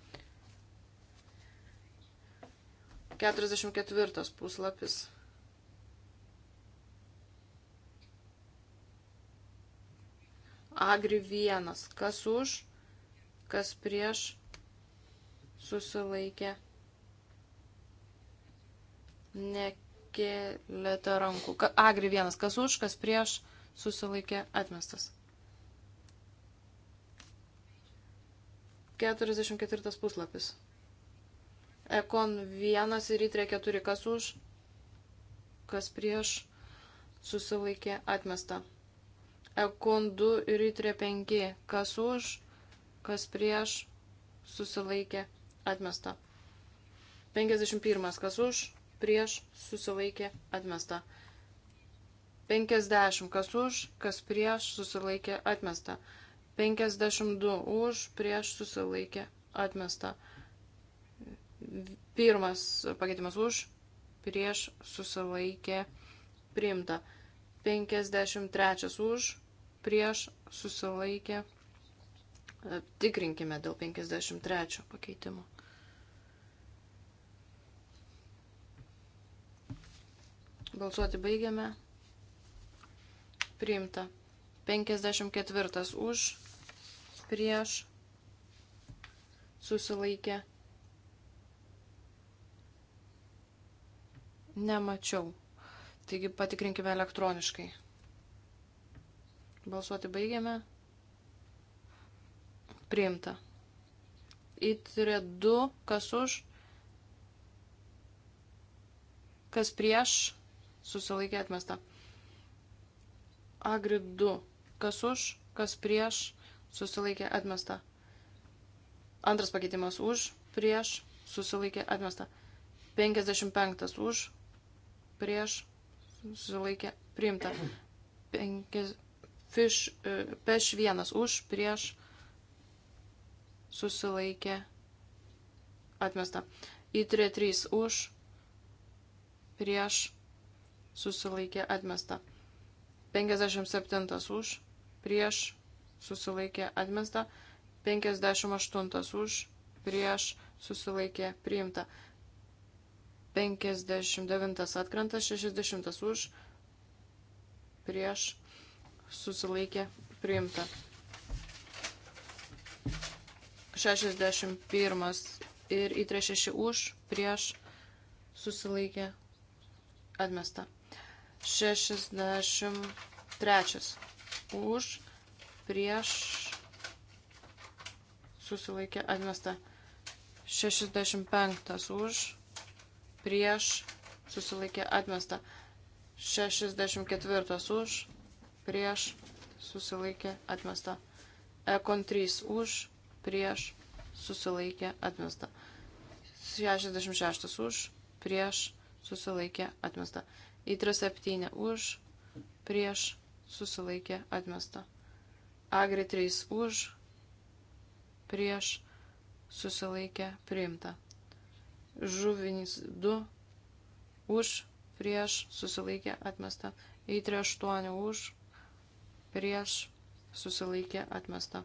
[SPEAKER 2] 44 puslapis. Agri 1. Kas už, kas prieš susilaikė. Nekėlėte rankų. Agri 1. Kas už, kas prieš susilaikė atmestas. 44 puslapis. Ekon 1 ir įtrė 4. Kas už, kas prieš susilaikė atmestą. Ekon 2 ir Itrė 5. Kas už, kas prieš, susilaikė, atmesta. 51. Kas už, prieš, susilaikė, atmesta. 50. Kas už, kas prieš, susilaikė, atmesta. 52. Už, prieš, susilaikė, atmesta. Pirmas pakeitimas už, prieš, susilaikė, priimta. 53 už, prieš susilaikė. E, Tikrinkime dėl 53 pakeitimo. Balsuoti baigiame. Priimta. 54 už, prieš, susilaikė. Nemačiau. Taigi patikrinkime elektroniškai. Balsuoti baigiame. Priimta. Įtrė 2, kas už, kas prieš, susilaikė atmesta. Agri 2, kas už, kas prieš, susilaikė atmesta. Antras pakeitimas už, prieš, susilaikė atmesta. 55 už, prieš, susilaikė priimta. 5, Fish, e, peš vienas už, prieš, susilaikė, atmesta. Įtrė 3 už, prieš, susilaikė, atmesta. 57 už, prieš, susilaikė, atmesta. 58 už, prieš, susilaikė, priimta. 59 atkrenta, 60 už, prieš, susilaikė priimta. 61 ir į 36 už, prieš susilaikė atmesta. 63 už, prieš susilaikė atmesta. 65 už, prieš susilaikė atmesta. 64 už, prieš, susilaikė, atmesta. Ekon 3 už, prieš, susilaikė, atmesta. 66 už, prieš, susilaikė, atmesta. Į 37 už, prieš, susilaikė, atmesta. Agri 3 už, prieš, susilaikė, priimta. Žuvinis 2 už, prieš, susilaikė, atmesta. Į 38 už, prieš susilaikė atmesta.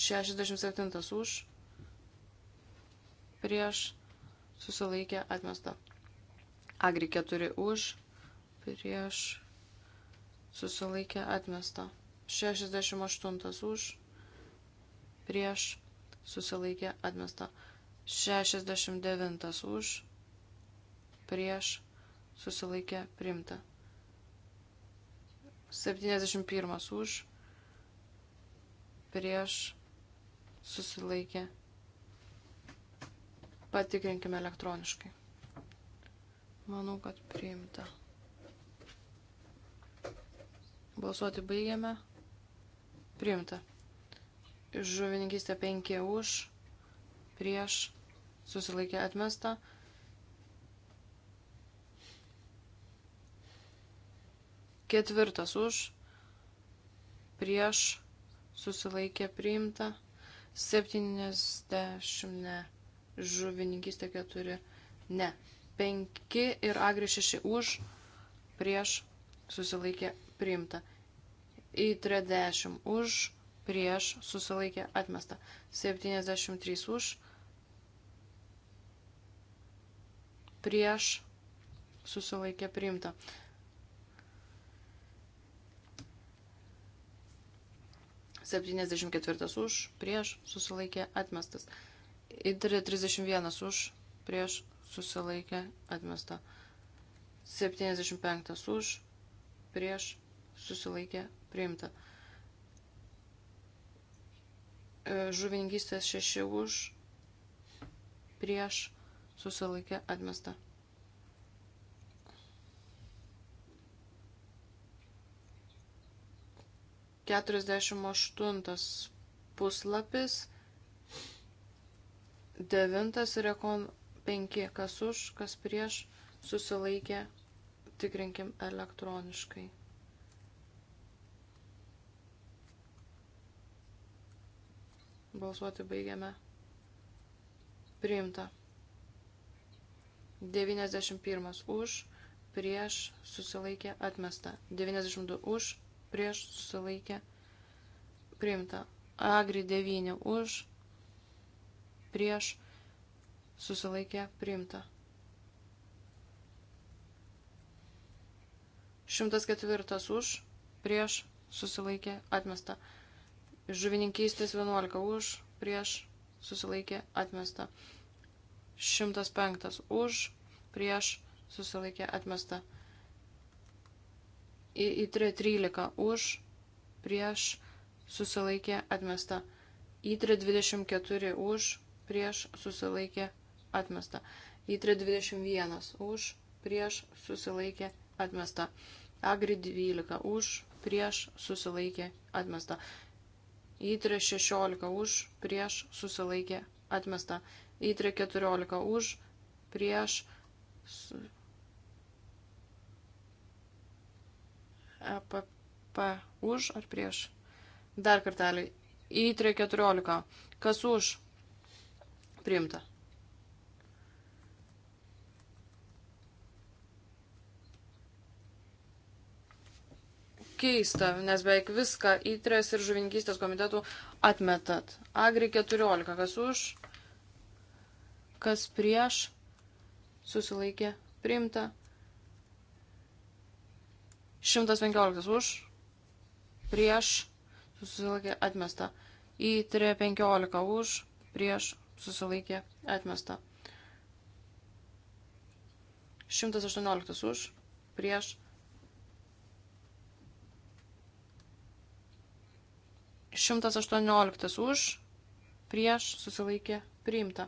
[SPEAKER 2] 67 už prieš susilaikė atmesta. Agri 4 už prieš susilaikė atmesta. 68 už prieš susilaikė atmesta. 69 už prieš susilaikė primta. 71 už, prieš, susilaikė. Patikrinkime elektroniškai. Manau, kad priimta. Balsuoti baigiame. Priimta. Žuvininkystė 5 už, prieš, susilaikė atmesta. Ketvirtas už, prieš, susilaikė priimta. 70 ne, žuvininkystė 4 ne. 5 ir agri 6 už, prieš, susilaikė priimta. Į 30 už, prieš, susilaikė atmesta. 73 už, prieš, susilaikė priimta. 74 už, prieš, susilaikė, atmestas. Įtarė 31 už, prieš, susilaikė, atmesta. 75 už, prieš, susilaikė, priimta. E, žuvininkystės 6 už, prieš, susilaikė, atmesta. 48 puslapis, 9 ir ekon 5, kas už, kas prieš, susilaikė, tikrinkim elektroniškai. Balsuoti baigiame. Priimta. 91 už, prieš, susilaikė, atmesta. 92 už, prieš susilaikė priimta. Agri 9 už prieš susilaikė priimta. 104 už prieš susilaikė atmesta. Žuvininkystės 11 už prieš susilaikė atmesta. 105 už prieš susilaikė atmesta į 13 už, prieš, susilaikė, atmesta. Į 24 už, prieš, susilaikė, atmesta. Į 21 už, prieš, susilaikė, atmesta. Agri 12 už, prieš, susilaikė, atmesta. Įtrė 16 už, prieš, susilaikė, atmesta. Įtrė 14 už, prieš, susilaikė EPP už ar prieš? Dar kartelį. Įtrė 14. Kas už? Priimta. Keista, nes beveik viską įtrės ir žuvininkystės komitetų atmetat. Agri 14. Kas už? Kas prieš? Susilaikė. Priimta. 115 už, prieš, susilaikė atmesta. Į 315 už, prieš, susilaikė atmesta. 118 už, prieš. Šimtas aštuonioliktas už, prieš, susilaikė, priimta.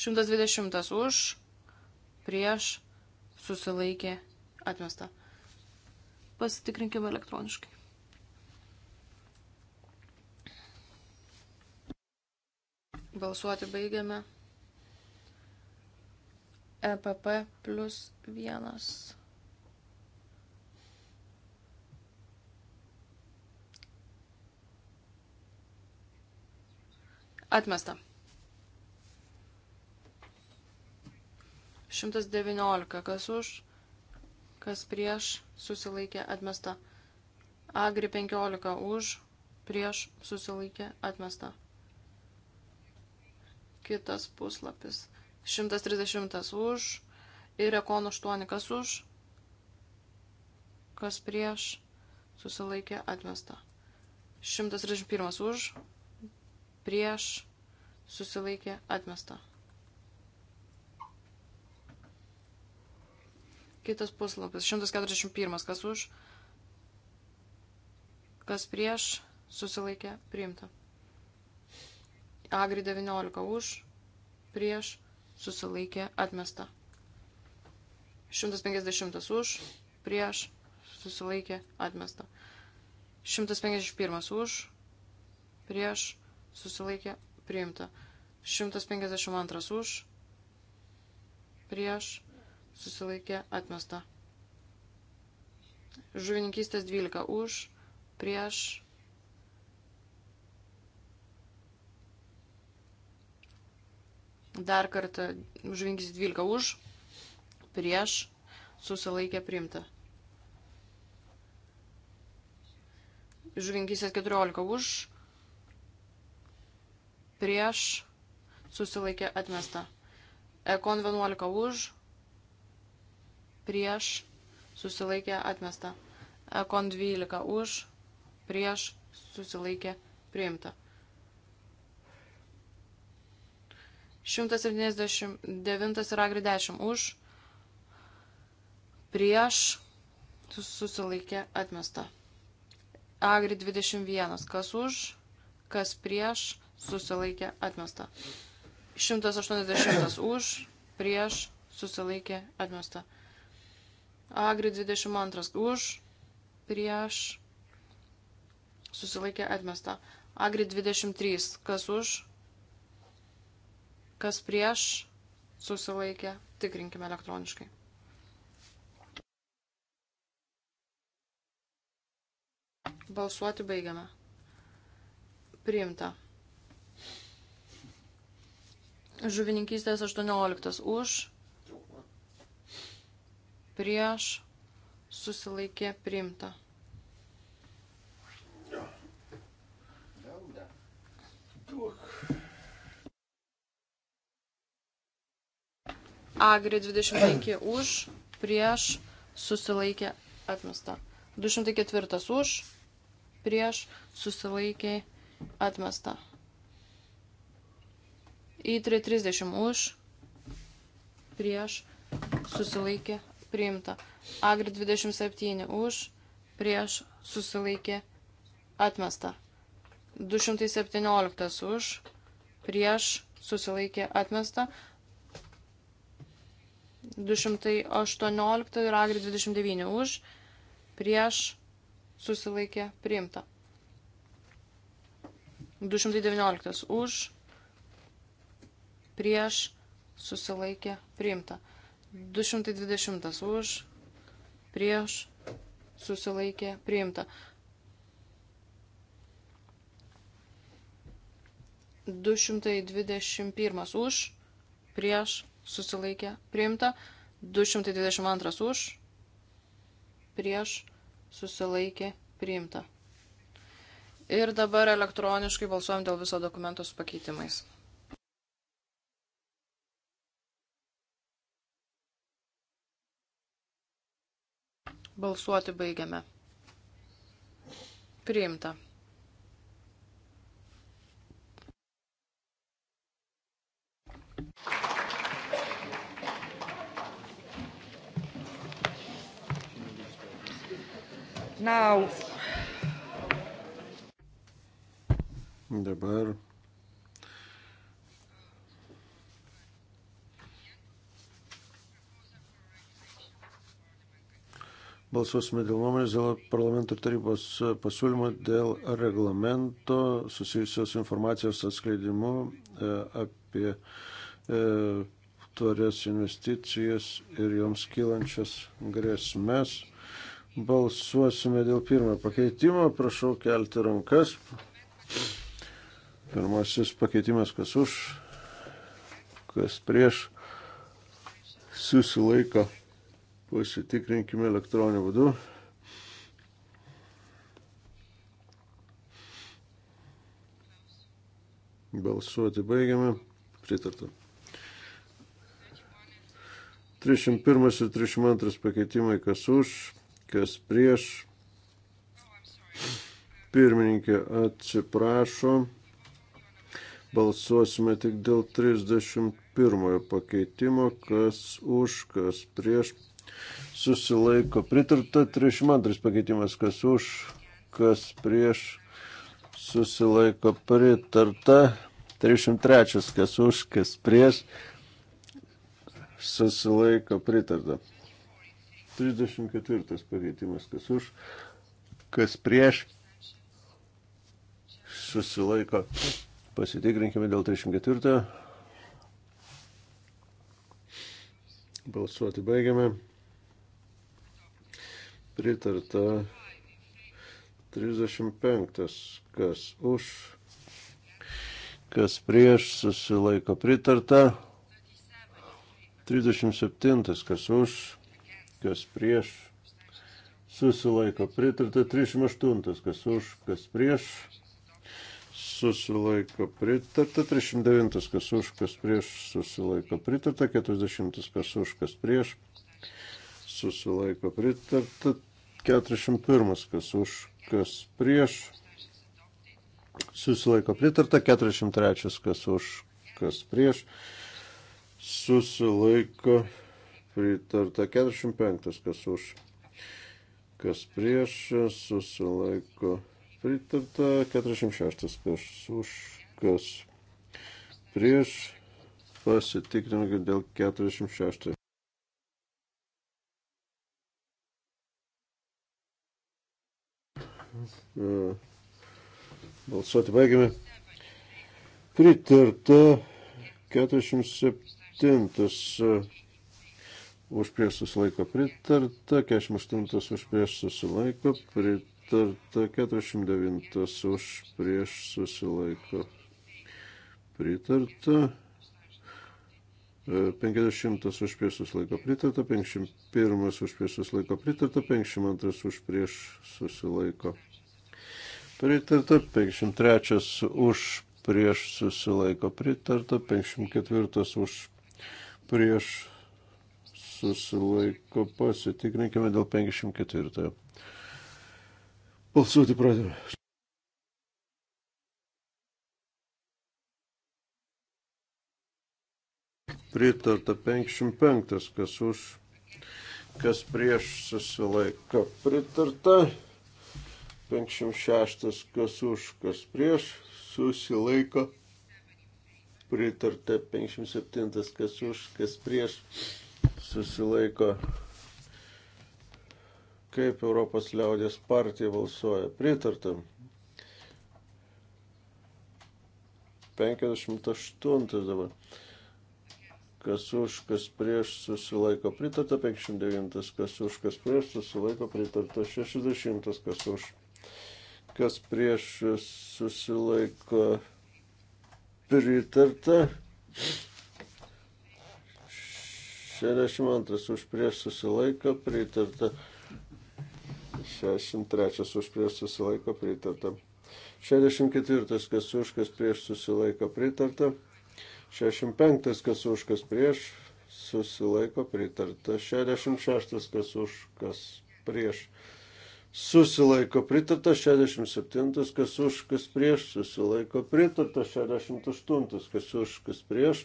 [SPEAKER 2] Šimtas dvidešimtas už, prieš, susilaikė, Atmesta. Pasitikrinkime elektroniškai. Balsuoti baigiame. EPP plus vienas. Atmesta. 119. Kas už? kas prieš susilaikė atmesta. Agri 15 už, prieš susilaikė atmesta. Kitas puslapis. 130 už ir ekon 8 kas už, kas prieš susilaikė atmesta. 131 už, prieš susilaikė atmesta. Kitas puslapis. 141. Kas už? Kas prieš? Susilaikė. Priimta. Agri 19. Už. Prieš. Susilaikė. Atmesta. 150. Už. Prieš. Susilaikė. Atmesta. 151. Už. Prieš. Susilaikė. Priimta. 152. Už. Prieš susilaikė atmesta. Žuvininkystės 12 už, prieš. Dar kartą žuvininkystės 12 už, prieš susilaikė priimta. Žuvininkystės 14 už, prieš susilaikė atmesta. Ekon 11 už, prieš, susilaikė atmesta. Ekon 12 už, prieš, susilaikė priimta. 179 ir agri 10 už, prieš, susilaikė atmesta. Agri 21, kas už, kas prieš, susilaikė atmesta. 180 už, prieš, susilaikė atmesta. Agri 22 už, prieš, susilaikė atmesta. Agri 23, kas už, kas prieš, susilaikė, tikrinkime elektroniškai. Balsuoti baigiame. Priimta. Žuvininkystės 18 už, prieš susilaikė priimta. Agri 25 už, prieš susilaikė atmesta. 204 už, prieš susilaikė atmesta. Į 330 už, prieš susilaikė atmesta priimta. Agri 27 už, prieš susilaikė atmesta. 217 už, prieš susilaikė atmesta. 218 ir agri 29 už, prieš susilaikė priimta. 219 už, prieš susilaikė priimta. 220 už, prieš, susilaikė, priimta. 221 už, prieš, susilaikė, priimta. 222 už, prieš, susilaikė, priimta. Ir dabar elektroniškai balsuojam dėl viso dokumento su pakeitimais. Balsuoti baigiame. Priimta.
[SPEAKER 1] Now.
[SPEAKER 3] Dabar Balsuosime dėl nuomonės dėl parlamento tarybos pasiūlymo dėl reglamento susijusios informacijos atskleidimu e, apie e, tvarias investicijas ir joms kylančias grėsmės. Balsuosime dėl pirmojo pakeitimo. Prašau kelti rankas. Pirmasis pakeitimas, kas už, kas prieš, susilaiko Pasitikrinkime elektroniniu būdu. Balsuoti baigiame. Pritarta. 301 ir 302 pakeitimai, kas už, kas prieš. Pirmininkė atsiprašo. Balsuosime tik dėl 31 pakeitimo, kas už, kas prieš susilaiko pritarta 32 pakeitimas, kas už, kas prieš susilaiko pritarta 303, kas už, kas prieš susilaiko pritarta. 34 pakeitimas, kas už, kas prieš susilaiko. Pasitikrinkime dėl 34. Balsuoti baigiame pritarta 35, kas už, kas prieš, susilaiko pritarta 37, kas už, kas prieš, susilaiko pritarta 38, kas už, kas prieš, susilaiko pritarta 39, kas už, kas prieš, susilaiko pritarta 40, kas už, kas prieš susilaiko pritarta, 401 kas už, kas prieš, susilaiko pritarta, 403 kas už, kas prieš, susilaiko pritarta, 45 kas už, kas prieš, susilaiko pritarta, 46 kas už, kas prieš, pasitikriname dėl 46. Mm. Balsuoti baigiame. Pritarta 47 uh, už prieš susilaiko pritarta, 48 už prieš susilaiko pritarta, 49 už prieš susilaiko pritarta, 50 uh, už prieš susilaiko pritarta, 51 už prieš susilaiko pritarta, 52 už prieš susilaiko pritarta pritarta, 53 už prieš susilaiko pritarta, 54 už prieš susilaiko pasitikrinkime dėl 54. Balsuoti pradėjome. pritarta 55, kas už, kas prieš susilaiko. Pritarta 56, kas už, kas prieš, susilaiko. Pritarta 57, kas už, kas prieš, susilaiko. Kaip Europos liaudės partija balsuoja? Pritartam. 58 dabar. Kas už, kas prieš susilaiko pritarta 59, kas už, kas prieš susilaiko pritarta 60, kas už, kas prieš susilaiko pritarta. 62 už prieš susilaiko pritarta. 63 už prieš susilaiko pritarta. 64 kas už, kas prieš susilaiko pritarta. 65 kas už, kas prieš susilaiko pritarta. 66 kas už, kas prieš susilaiko pritarta susilaiko pritarta 67, kas už, kas prieš, susilaiko pritarta 68, kas už, kas prieš,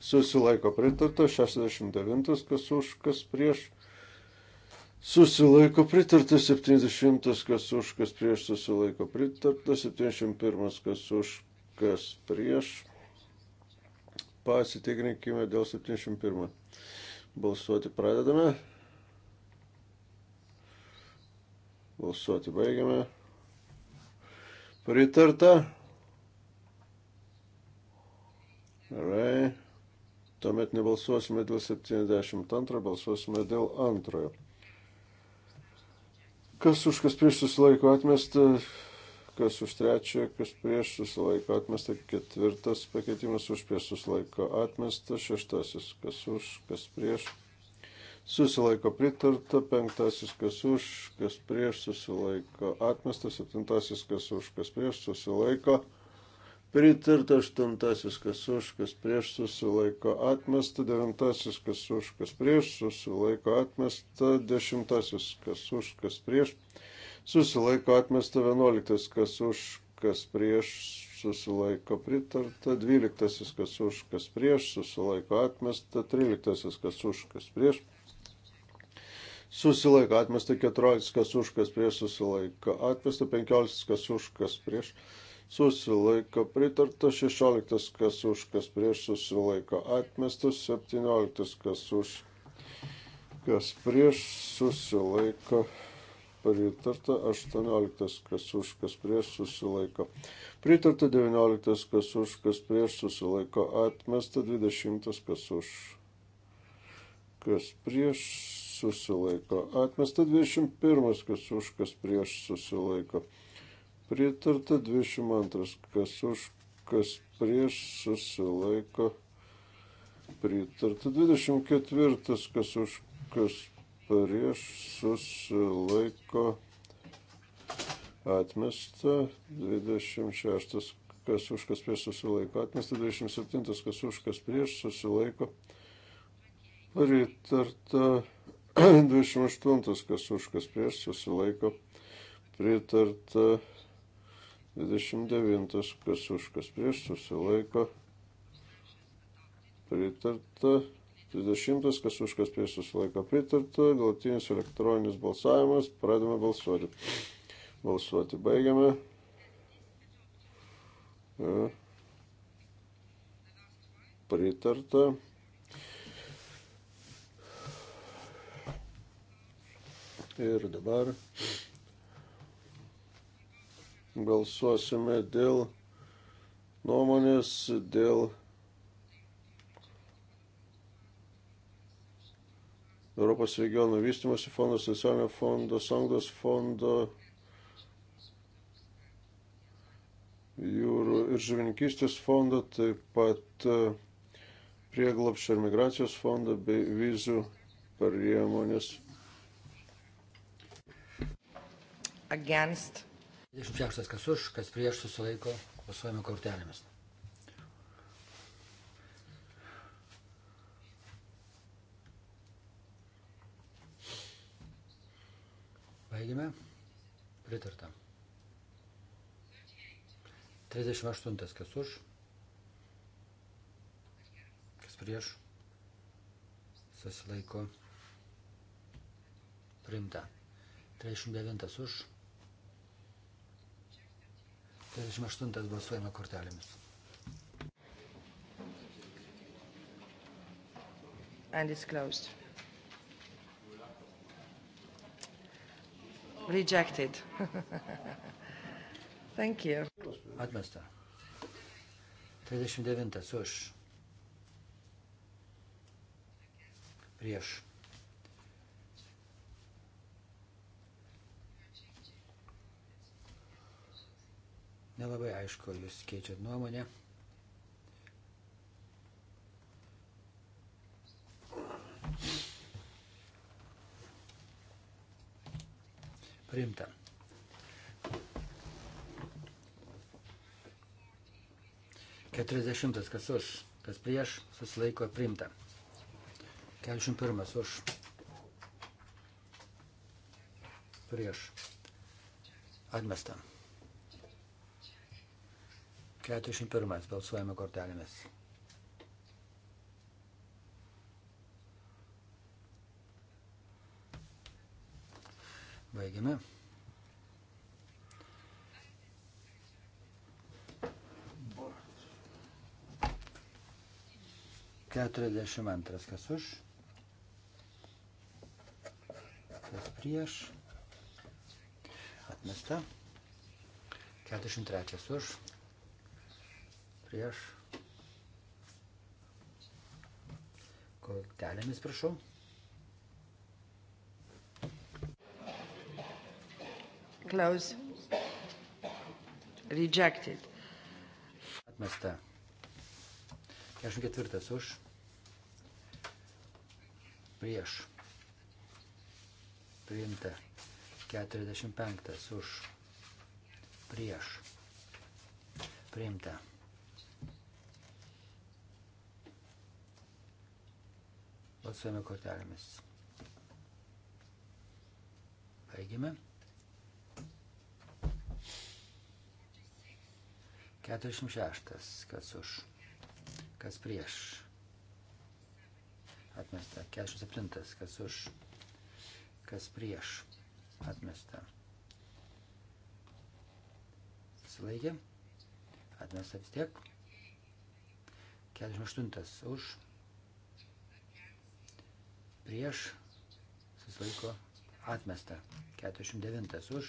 [SPEAKER 3] susilaiko pritarta 69, kas už, kas prieš. Susilaiko pritarta 70, kas už, kas prieš, susilaiko pritarta 71, kas už, kas prieš. Pasitikrinkime dėl 71. Balsuoti pradedame. Balsuoti baigiame. Pritarta. Gerai. Tuomet nebalsuosime dėl 72, balsuosime dėl antrojo. Kas už kas prieš susilaiko atmestą, kas už trečią, kas prieš susilaiko atmestą, ketvirtas pakeitimas už prieš susilaiko atmestą, šeštasis, kas už, kas prieš susilaiko pritarta, penktasis kas už, kas prieš susilaiko atmestas, septintasis kas už, kas prieš susilaiko pritarta, aštuntasis kas už, kas prieš susilaiko atmesta, devintasis kas už, kas prieš susilaiko atmesta, dešimtasis kas už, kas prieš susilaiko atmesta, vienuoliktas kas už, kas prieš susilaiko pritarta, dvyliktasis kas už, kas prieš susilaiko atmesta, tryliktasis kas už, kas prieš susilaiko, atmesta 14, kas už, kas prieš susilaiko, atmesta 15, kas už, kas prieš susilaiko, pritarta 16, kas už, kas prieš susilaiko, atmestas 17, kas už, kas prieš susilaiko, pritarta 18, kas už, kas prieš susilaiko, pritarta 19, kas už, kas prieš susilaiko, atmesta 20, kas už, kas prieš susilaiko. Atmesta 21, kas už, kas prieš susilaiko. Pritarta 22, kas už, kas prieš susilaiko. Pritarta 24, kas už, kas prieš susilaiko. Atmesta 26, kas už, kas prieš susilaiko. Atmesta 27, kas už, kas prieš susilaiko. Pritarta 28 kas už, kas prieš susilaiko pritarta. 29 kas už, kas prieš susilaiko pritarta. 30 kas už, kas prieš susilaiko pritarta. Galutinis elektroninis balsavimas. Pradame balsuoti. Balsuoti baigiame. E. Pritarta. ir dabar balsuosime dėl nuomonės, dėl Europos regionų vystimosi fondo, socialinio fondo, sanglos fondo, jūrų ir žuvininkystės fondo, taip pat e, prieglopščio ir migracijos fondo bei vizų priemonės
[SPEAKER 4] against. 26. Kas už, kas prieš susilaiko balsuojame kortelėmis. Baigime. Pritarta. 38. Kas už? Kas prieš? Susilaiko. Primta. 39. Už. 48 balsuojame kortelėmis.
[SPEAKER 1] And it's closed. Rejected. Thank you. Atmesta.
[SPEAKER 4] 39 už. Prieš. Nelabai aišku, jūs keičiat nuomonę. Priimta. Keturiasdešimtas, kas už, kas prieš, susilaiko priimta. Keturiasdešimt pirmas už. Prieš. Atmestam. 41. Balsuojame kortelėmis. Baigiame. Keturiasdešimt antras, kas už, kas prieš, atmesta, keturiasdešimt trečias už, prieš. Kortelėmis prašau.
[SPEAKER 1] Klaus. Rejected.
[SPEAKER 4] Atmesta. 44 už. Prieš. Priimta. 45 už. Prieš. Priimta. Balsuojame kortelėmis. Baigime. 46. Kas už? Kas prieš? Atmesta. 47. Kas už? Kas prieš? Atmesta. Sulaikė. Atmesta vis tiek. 48. Už prieš susilaiko atmesta. 49 už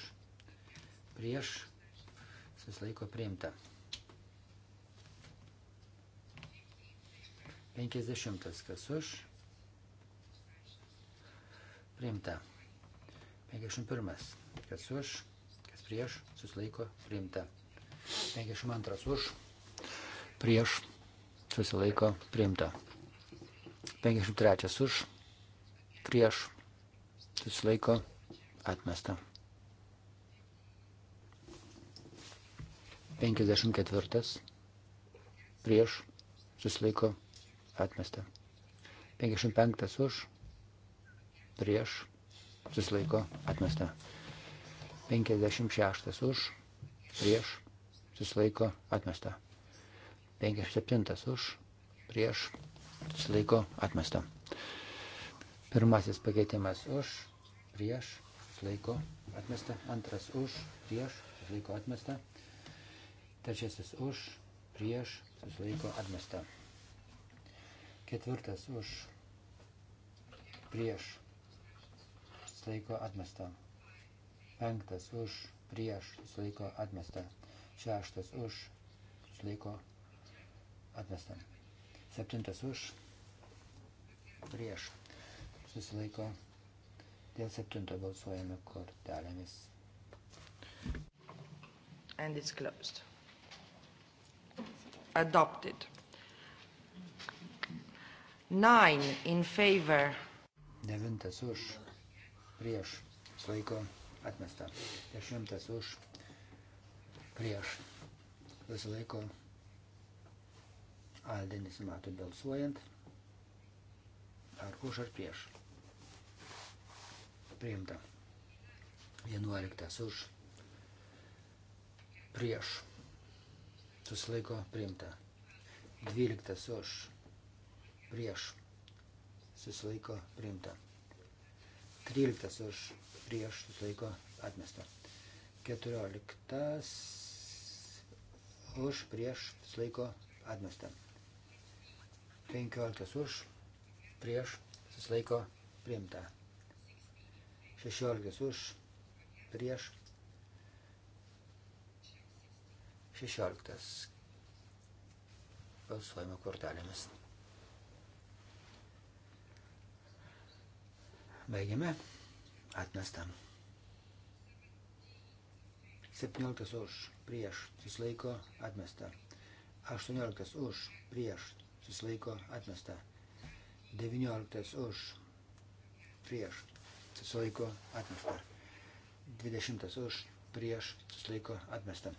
[SPEAKER 4] prieš susilaiko priimta. 50 kas už priimta. 51 kas už kas prieš susilaiko priimta. 52 už prieš susilaiko priimta. 53 už prieš susilaiko atmesta. 54 prieš susilaiko atmesta. 55 už prieš susilaiko atmesta. 56 už prieš susilaiko atmesta. 57 už prieš susilaiko atmesta. Pirmasis pakeitimas už, prieš, laiko atmesta. Antras už, prieš, laiko atmesta. Trečiasis už, prieš, laiko atmesta. Ketvirtas už, prieš, laiko atmesta. Penktas už, prieš, laiko atmesta. Šeštas už, laiko atmesta. Septintas už, prieš, susilaiko. Dėl septinto balsuojame kortelėmis. And it's closed.
[SPEAKER 1] Adopted. Nine in
[SPEAKER 4] favor. Devintas už. Prieš. Susilaiko. Atmesta. Dešimtas už. Prieš. Susilaiko. Aldenis mato balsuojant. Ar už ar prieš priimta. 11 už, prieš, susilaiko priimta. 12 už, prieš, susilaiko priimta. 13 už, prieš, susilaiko atmesta. 14 už, prieš, susilaiko atmesta. 15 už, prieš, susilaiko priimta. 16 už, prieš 16. Balsuojame kortelėmis. Baigiame. Atmestam. 17 už, prieš, susilaiko, atmesta. 18 už, prieš, susilaiko, atmesta. 19 už, prieš, susilaiko atmesta. 20 už, prieš, susilaiko atmesta.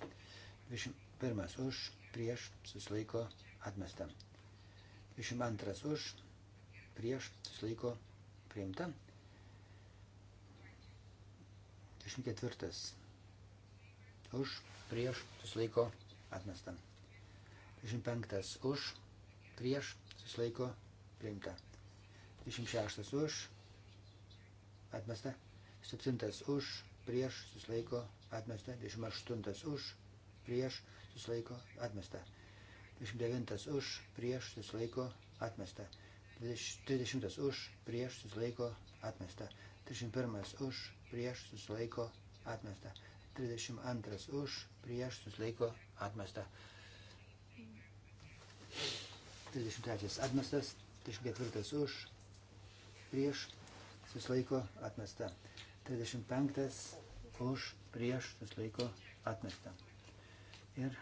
[SPEAKER 4] 21 už, prieš, susilaiko atmesta. 22 už, prieš, susilaiko priimta. 24 už, prieš, susilaiko atmesta. 25 už, prieš, susilaiko priimta. 26 už, atmesta, 7 už, prieš susilaiko atmesta, 28 už, prieš susilaiko atmesta, 29 už, prieš susilaiko atmesta, 30 už, prieš susilaiko atmesta, 31 už, prieš susilaiko atmesta, 32 už, prieš susilaiko atmesta. 33 atmestas, 34 už, prieš susilaiko atmesta. 35 už prieš susilaiko atmesta. Ir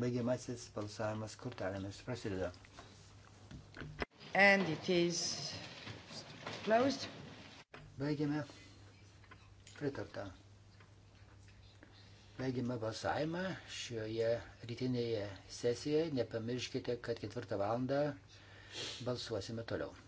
[SPEAKER 4] baigiamasis balsavimas kortelėmis prasideda. And it is closed. Baigiame pritartą. Baigiame balsavimą šioje rytinėje sesijoje. Nepamirškite, kad ketvirtą valandą balsuosime toliau.